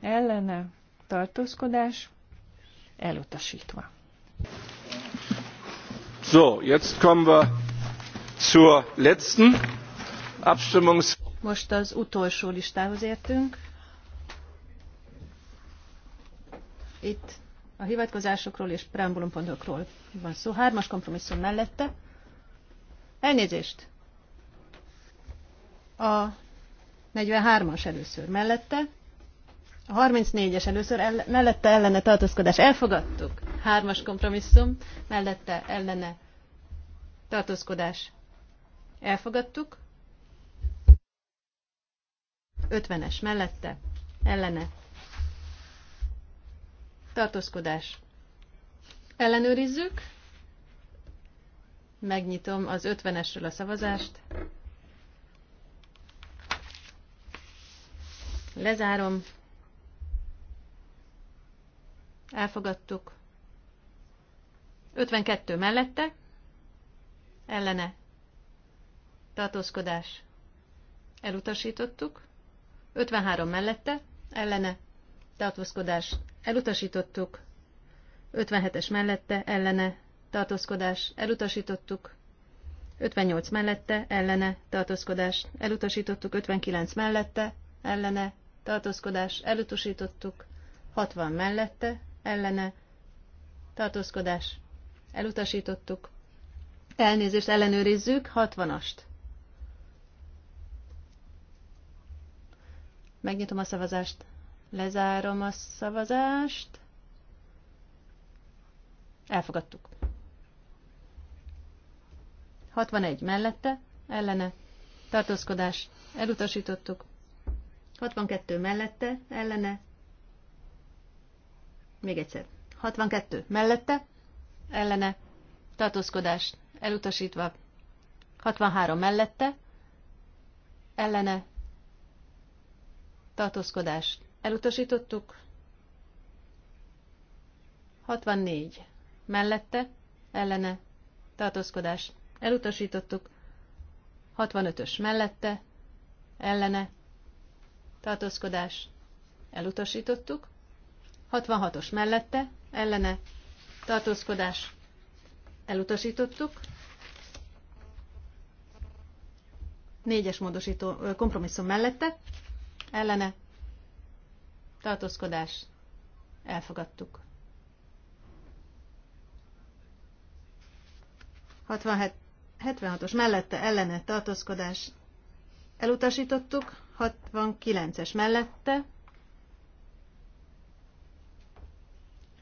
Speaker 1: ellene, tartózkodás, elutastva. So, jetzt kommen wir zur letzten Abstimmungs.
Speaker 2: Most az utolsó listához értünk. Itt a hivatkozásokról és preambulumpontokról van szó. Hármas kompromisszum mellette. Elnézést! A 43-as először mellette, 34-es először el, mellette ellene tartózkodás elfogadtuk. Hármas kompromisszum, mellette ellene tartózkodás elfogadtuk. 50-es mellette ellene tartózkodás ellenőrizzük. Megnyitom az 50-esről a szavazást. Lezárom. Elfogadtuk. 52 mellette. Ellene. Tartózkodás. Elutasítottuk. 53 mellette. Ellene. Tartózkodás. Elutasítottuk. 57-es mellette. Ellene. Tartózkodás. Elutasítottuk. 58 mellette, ellene, tartózkodás, elutasítottuk, 59 mellette, ellene, tartózkodás, elutasítottuk, 60 mellette, ellene tartózkodás elutasítottuk. Elnézést ellenőrizzük, 60-ast. Megnyitom a szavazást. Lezárom a szavazást. Elfogadtuk. 61 mellette, ellene, tartózkodás, elutasítottuk. 62 mellette, ellene, még egyszer. 62. Mellette, ellene, tartózkodás elutasítva. 63. Mellette, ellene, tartózkodás elutasítottuk. 64. Mellette, ellene, tartózkodás elutasítottuk. 65-ös mellette, ellene, tartózkodás elutasítottuk. 66-os mellette, ellene, tartózkodás, elutasítottuk. Négyes módosító kompromisszum mellette, ellene, tartózkodás, elfogadtuk. 76-os mellette ellene tartózkodás elutasítottuk, 69-es mellette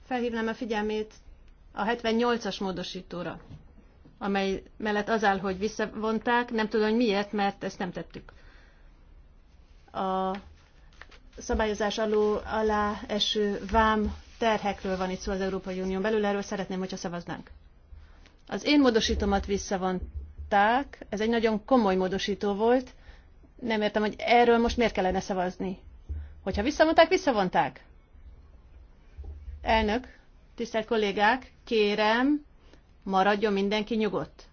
Speaker 2: Felhívnám a figyelmét a 78-as módosítóra, amely mellett az áll, hogy visszavonták, nem tudom, hogy miért, mert ezt nem tettük. A szabályozás aló, alá eső vám terhekről van itt szó az Európai Unión belül, erről szeretném, hogyha szavaznánk. Az én módosítomat visszavonták, ez egy nagyon komoly módosító volt, nem értem, hogy erről most miért kellene szavazni. Hogyha visszavonták, visszavonták. Elnök, tisztelt kollégák, kérem, maradjon mindenki nyugodt.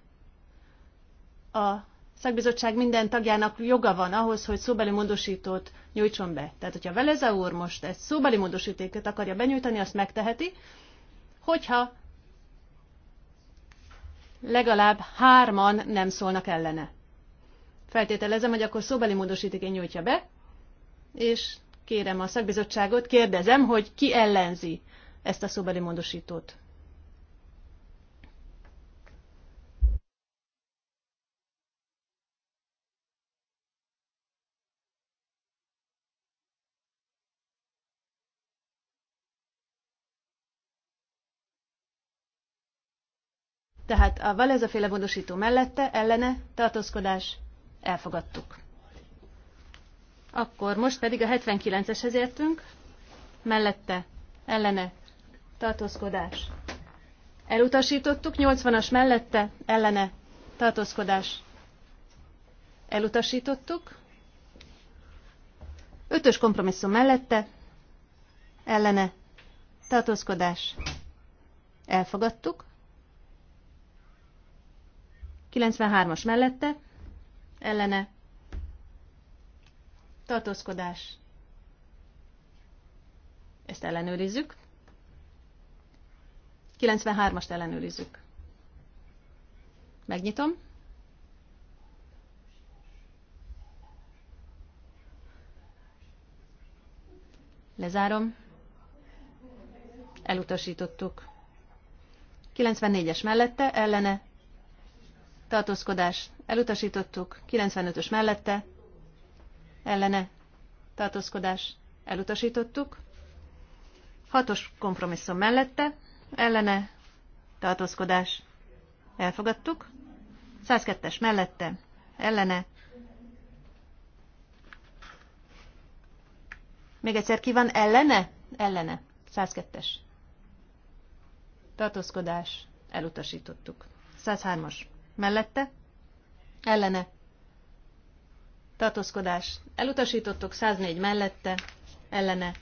Speaker 2: A szakbizottság minden tagjának joga van ahhoz, hogy szóbeli módosítót nyújtson be. Tehát, hogyha Veleza úr most egy szóbeli módosítéket akarja benyújtani, azt megteheti, hogyha legalább hárman nem szólnak ellene. Feltételezem, hogy akkor szóbeli módosítékén nyújtja be, és kérem a szakbizottságot, kérdezem, hogy ki ellenzi ezt a szóbeli módosítót. Tehát a valezaféle módosító mellette, ellene, tartózkodás, elfogadtuk. Akkor most pedig a 79-eshez értünk, mellette, ellene, tartózkodás. Elutasítottuk, 80-as mellette, ellene, tartózkodás. Elutasítottuk. Ötös kompromisszum mellette, ellene, tartózkodás. Elfogadtuk. 93-as mellette, ellene, tartózkodás. Ezt ellenőrizzük. 93-ast ellenőrizzük. Megnyitom. Lezárom. Elutasítottuk. 94-es mellette, ellene. Tartózkodás. Elutasítottuk. 95-ös mellette. Ellene. Tartózkodás. Elutasítottuk. 6-os kompromisszum mellette ellene, tartózkodás, elfogadtuk. 102-es mellette, ellene. Még egyszer ki van ellene? Ellene. 102-es. Tartózkodás, elutasítottuk. 103-as. Mellette? Ellene. Tartózkodás. Elutasítottuk 104 mellette. Ellene.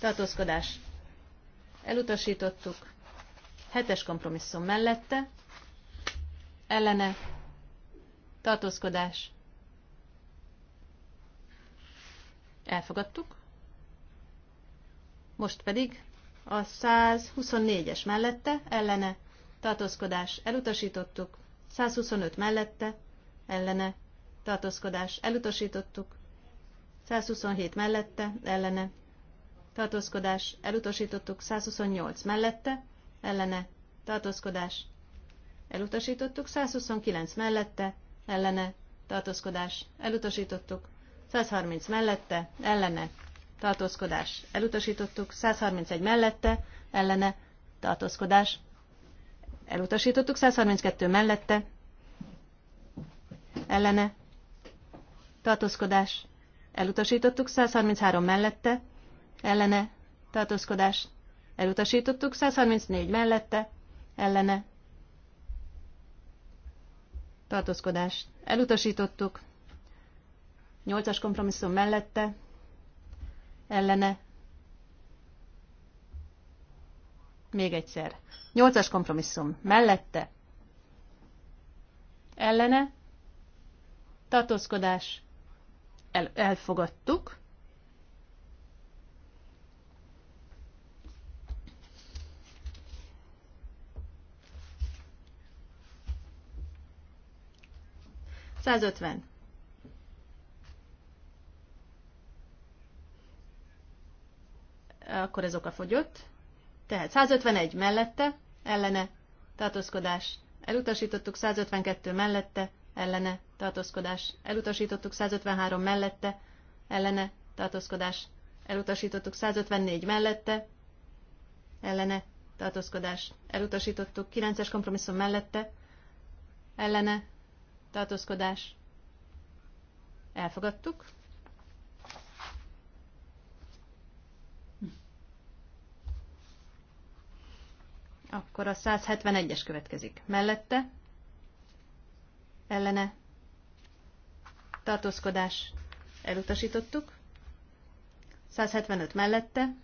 Speaker 2: Tartózkodás elutasítottuk, hetes kompromisszum mellette, ellene, tartózkodás, elfogadtuk, most pedig a 124-es mellette, ellene, tartózkodás, elutasítottuk, 125 mellette, ellene, tartózkodás, elutasítottuk, 127 mellette, ellene, tartózkodás, elutasítottuk 128 mellette, ellene, tartózkodás, elutasítottuk 129 mellette, ellene, tartózkodás, elutasítottuk 130 mellette, ellene, tartózkodás, elutasítottuk 131 mellette, ellene, tartózkodás, elutasítottuk 132 mellette, ellene, tartózkodás, elutasítottuk 133 mellette, ellene tartózkodás elutasítottuk, 134 mellette ellene tartózkodás elutasítottuk, 8-as kompromisszum mellette ellene még egyszer. Nyolcas kompromisszum. Mellette. Ellene. Tartózkodás. El, elfogadtuk. 150. Akkor ez oka fogyott. Tehát 151 mellette, ellene, tartózkodás. Elutasítottuk 152 mellette, ellene, tartózkodás. Elutasítottuk 153 mellette, ellene, tartózkodás. Elutasítottuk 154 mellette, ellene, tartózkodás. Elutasítottuk 9-es kompromisszum mellette, ellene, tartózkodás, elfogadtuk. Akkor a 171-es következik. Mellette, ellene, tartózkodás, elutasítottuk. 175 mellette,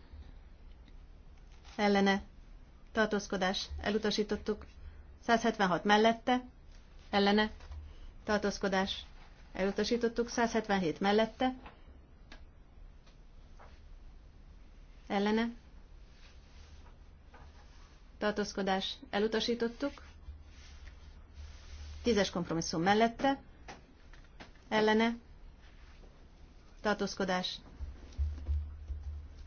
Speaker 2: ellene, tartózkodás, elutasítottuk. 176 mellette, ellene, tartózkodás elutasítottuk, 177 mellette, ellene, tartózkodás elutasítottuk, Tízes kompromisszum mellette, ellene, tartózkodás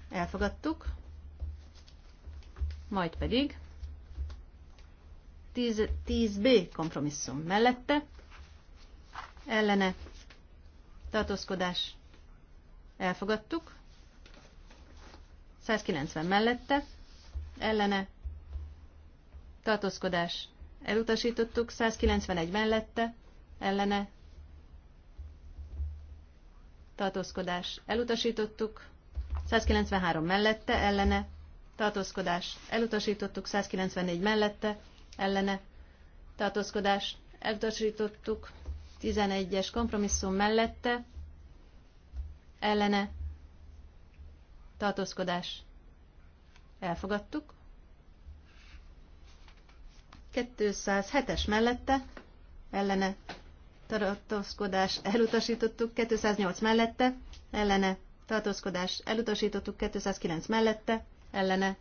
Speaker 2: elfogadtuk, majd pedig 10, 10B kompromisszum mellette, ellene tartózkodás elfogadtuk, 190 mellette ellene tartózkodás elutasítottuk, 191 mellette ellene tartózkodás elutasítottuk, 193 mellette ellene tartózkodás elutasítottuk, 194 mellette ellene tartózkodás elutasítottuk, 11-es kompromisszum mellette ellene tartózkodás elfogadtuk. 207-es mellette ellene tartózkodás elutasítottuk, 208 mellette ellene tartózkodás elutasítottuk, 209 mellette ellene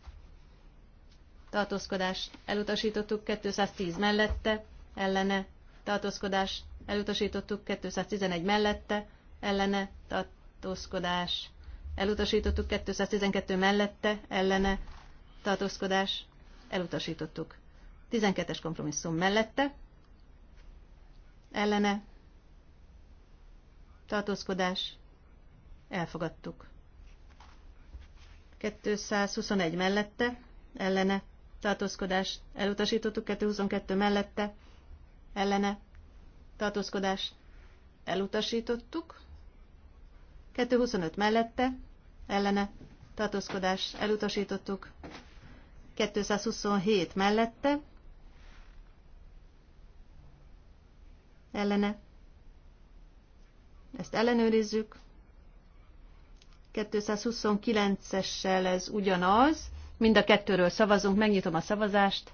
Speaker 2: tartózkodás elutasítottuk, 210 mellette ellene tartózkodás elutasítottuk, 211 mellette, ellene tartózkodás, elutasítottuk, 212 mellette, ellene tartózkodás, elutasítottuk. 12-es kompromisszum mellette, ellene tartózkodás, elfogadtuk. 221 mellette, ellene tartózkodás, elutasítottuk, 222 mellette, ellene tartózkodás elutasítottuk. 225 mellette, ellene, tartózkodás elutasítottuk. 227 mellette, ellene, ezt ellenőrizzük. 229-essel ez ugyanaz, mind a kettőről szavazunk, megnyitom a szavazást.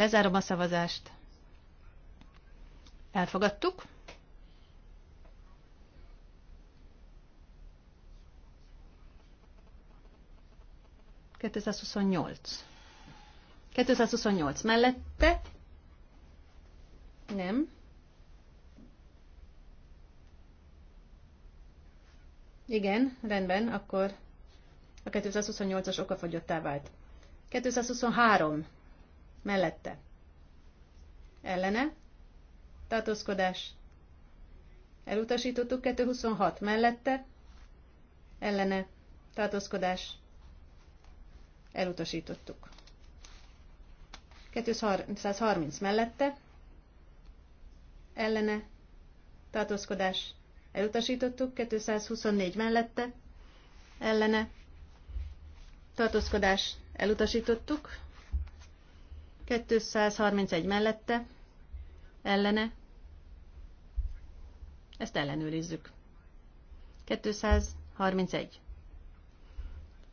Speaker 2: Lezárom a szavazást. Elfogadtuk. Kettőszázhuszonnyolc. 228 mellette. Nem. Igen, rendben, akkor a 228-as okafogyottá vált. 223 mellette, ellene, tartózkodás, elutasítottuk 226 mellette, ellene, tartózkodás, elutasítottuk. 230 mellette, ellene, tartózkodás, elutasítottuk, 224 mellette, ellene, tartózkodás, elutasítottuk, 231 mellette, ellene, ezt ellenőrizzük. 231.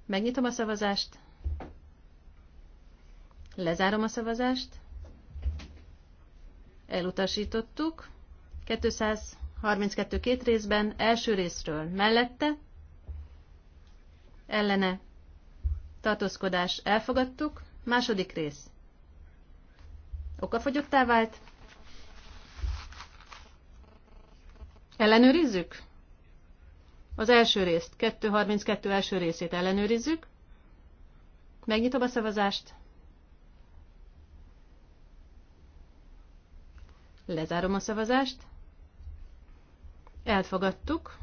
Speaker 2: Megnyitom a szavazást, lezárom a szavazást, elutasítottuk, 232 két részben, első részről mellette, ellene, tartózkodás elfogadtuk, második rész Okafogyottá vált. Ellenőrizzük? Az első részt, 232 első részét ellenőrizzük. Megnyitom a szavazást. Lezárom a szavazást. Elfogadtuk.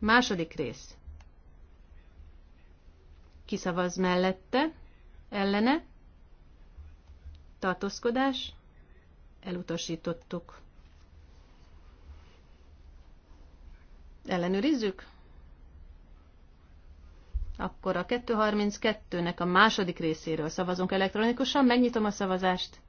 Speaker 2: Második rész kiszavaz mellette, ellene, tartózkodás, elutasítottuk. Ellenőrizzük? Akkor a 232-nek a második részéről szavazunk elektronikusan, megnyitom a szavazást.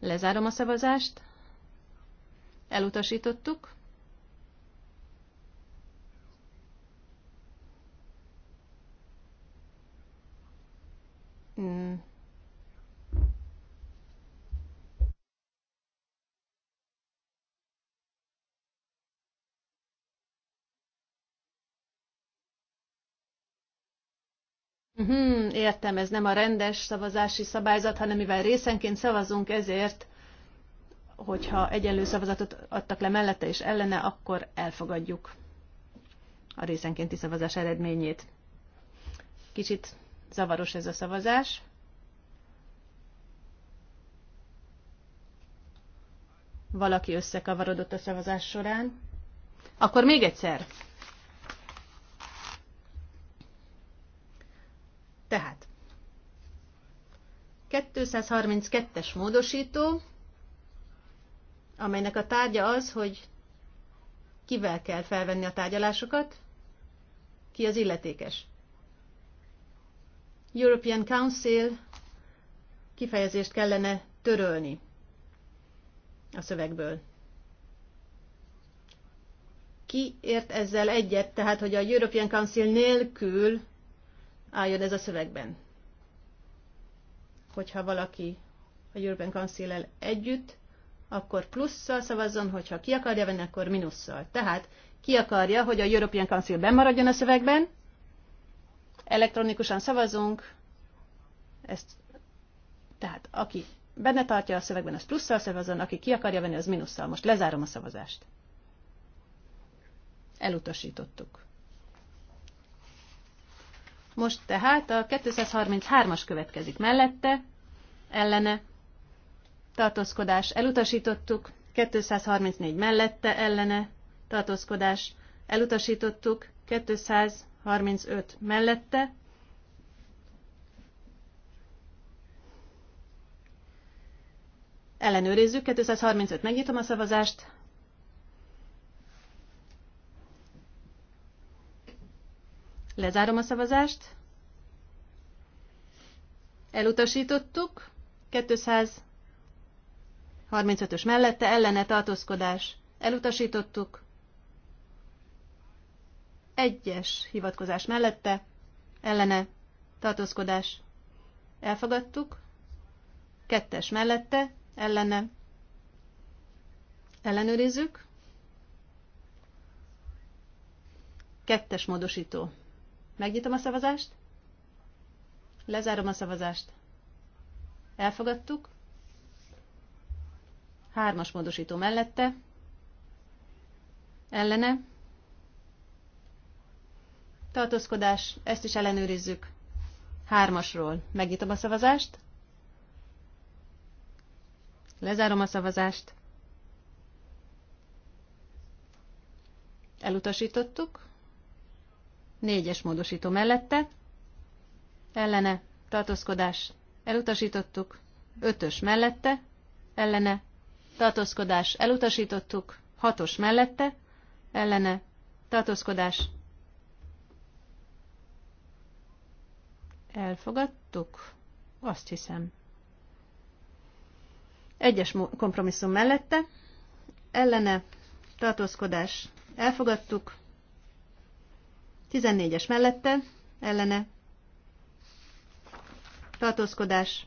Speaker 2: Lezárom a szavazást. Elutasítottuk. Mm. Hmm, értem, ez nem a rendes szavazási szabályzat, hanem mivel részenként szavazunk, ezért hogyha egyenlő szavazatot adtak le mellette és ellene, akkor elfogadjuk a részenkénti szavazás eredményét. Kicsit zavaros ez a szavazás. Valaki összekavarodott a szavazás során. Akkor még egyszer. Tehát 232-es módosító, amelynek a tárgya az, hogy kivel kell felvenni a tárgyalásokat, ki az illetékes. European Council kifejezést kellene törölni a szövegből. Ki ért ezzel egyet, tehát hogy a European Council nélkül álljon ez a szövegben? Hogyha valaki a European council együtt akkor plusszal szavazzon, hogyha ki akarja venni, akkor minusszal. Tehát ki akarja, hogy a European Council bemaradjon a szövegben, elektronikusan szavazunk, ezt, tehát aki benne tartja a szövegben, az plusszal szavazzon, aki ki akarja venni, az minusszal. Most lezárom a szavazást. Elutasítottuk. Most tehát a 233-as következik mellette, ellene, tartózkodás elutasítottuk, 234 mellette ellene tartózkodás elutasítottuk, 235 mellette, ellenőrizzük, 235 megnyitom a szavazást, lezárom a szavazást, elutasítottuk, 200 35-ös mellette ellene tartózkodás elutasítottuk. Egyes hivatkozás mellette ellene tartózkodás elfogadtuk. Kettes mellette ellene ellenőrizzük. Kettes módosító. Megnyitom a szavazást. Lezárom a szavazást. Elfogadtuk. Hármas módosító mellette, ellene, tartózkodás, ezt is ellenőrizzük. Hármasról megnyitom a szavazást, lezárom a szavazást, elutasítottuk, négyes módosító mellette, ellene, tartózkodás, elutasítottuk, ötös mellette, ellene, tartózkodás elutasítottuk, hatos mellette, ellene, tartózkodás elfogadtuk, azt hiszem. Egyes kompromisszum mellette, ellene, tartózkodás elfogadtuk, 14-es mellette, ellene, tartózkodás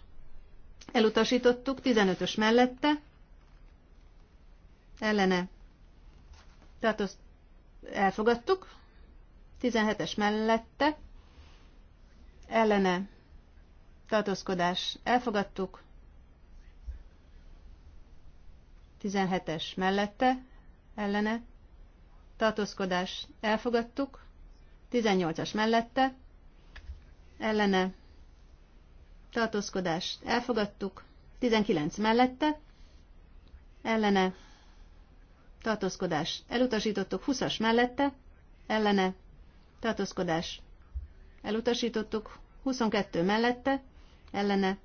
Speaker 2: elutasítottuk, 15-ös mellette, ellene Tehát azt elfogadtuk, 17-es mellette, ellene tartózkodás elfogadtuk, 17-es mellette, ellene tartózkodás elfogadtuk, 18-as mellette, ellene tartózkodás elfogadtuk, 19 mellette, ellene tartózkodás elutasítottuk, 20-as mellette, ellene, tartózkodás elutasítottuk, 22 mellette, ellene,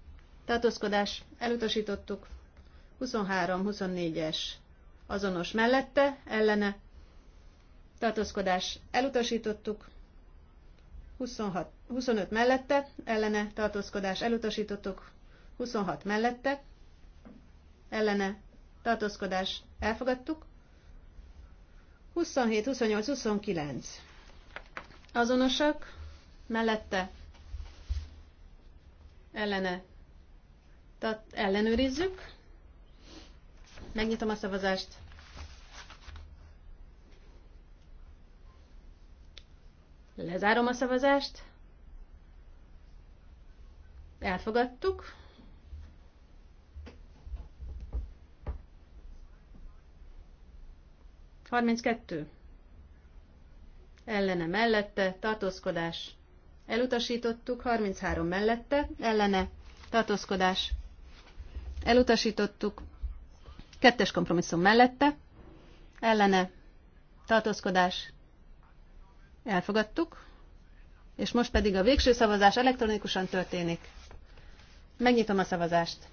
Speaker 2: tartózkodás elutasítottuk, 23-24-es azonos mellette, ellene, tartózkodás elutasítottuk, 26, 25 mellette, ellene, tartózkodás elutasítottuk, 26 mellette, ellene, tartózkodás elfogadtuk, 27, 28, 29. Azonosak, mellette, ellene. Tehát ellenőrizzük. Megnyitom a szavazást. Lezárom a szavazást. Elfogadtuk. 32. Ellene mellette, tartózkodás. Elutasítottuk. 33 mellette, ellene, tartózkodás. Elutasítottuk. Kettes kompromisszum mellette, ellene, tartózkodás. Elfogadtuk. És most pedig a végső szavazás elektronikusan történik. Megnyitom a szavazást.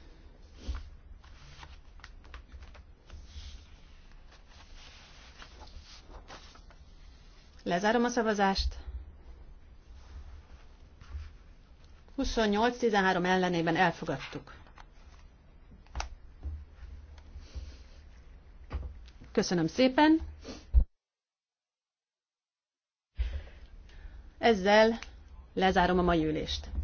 Speaker 2: Lezárom a szavazást. 28-13 ellenében elfogadtuk. Köszönöm szépen. Ezzel lezárom a mai ülést.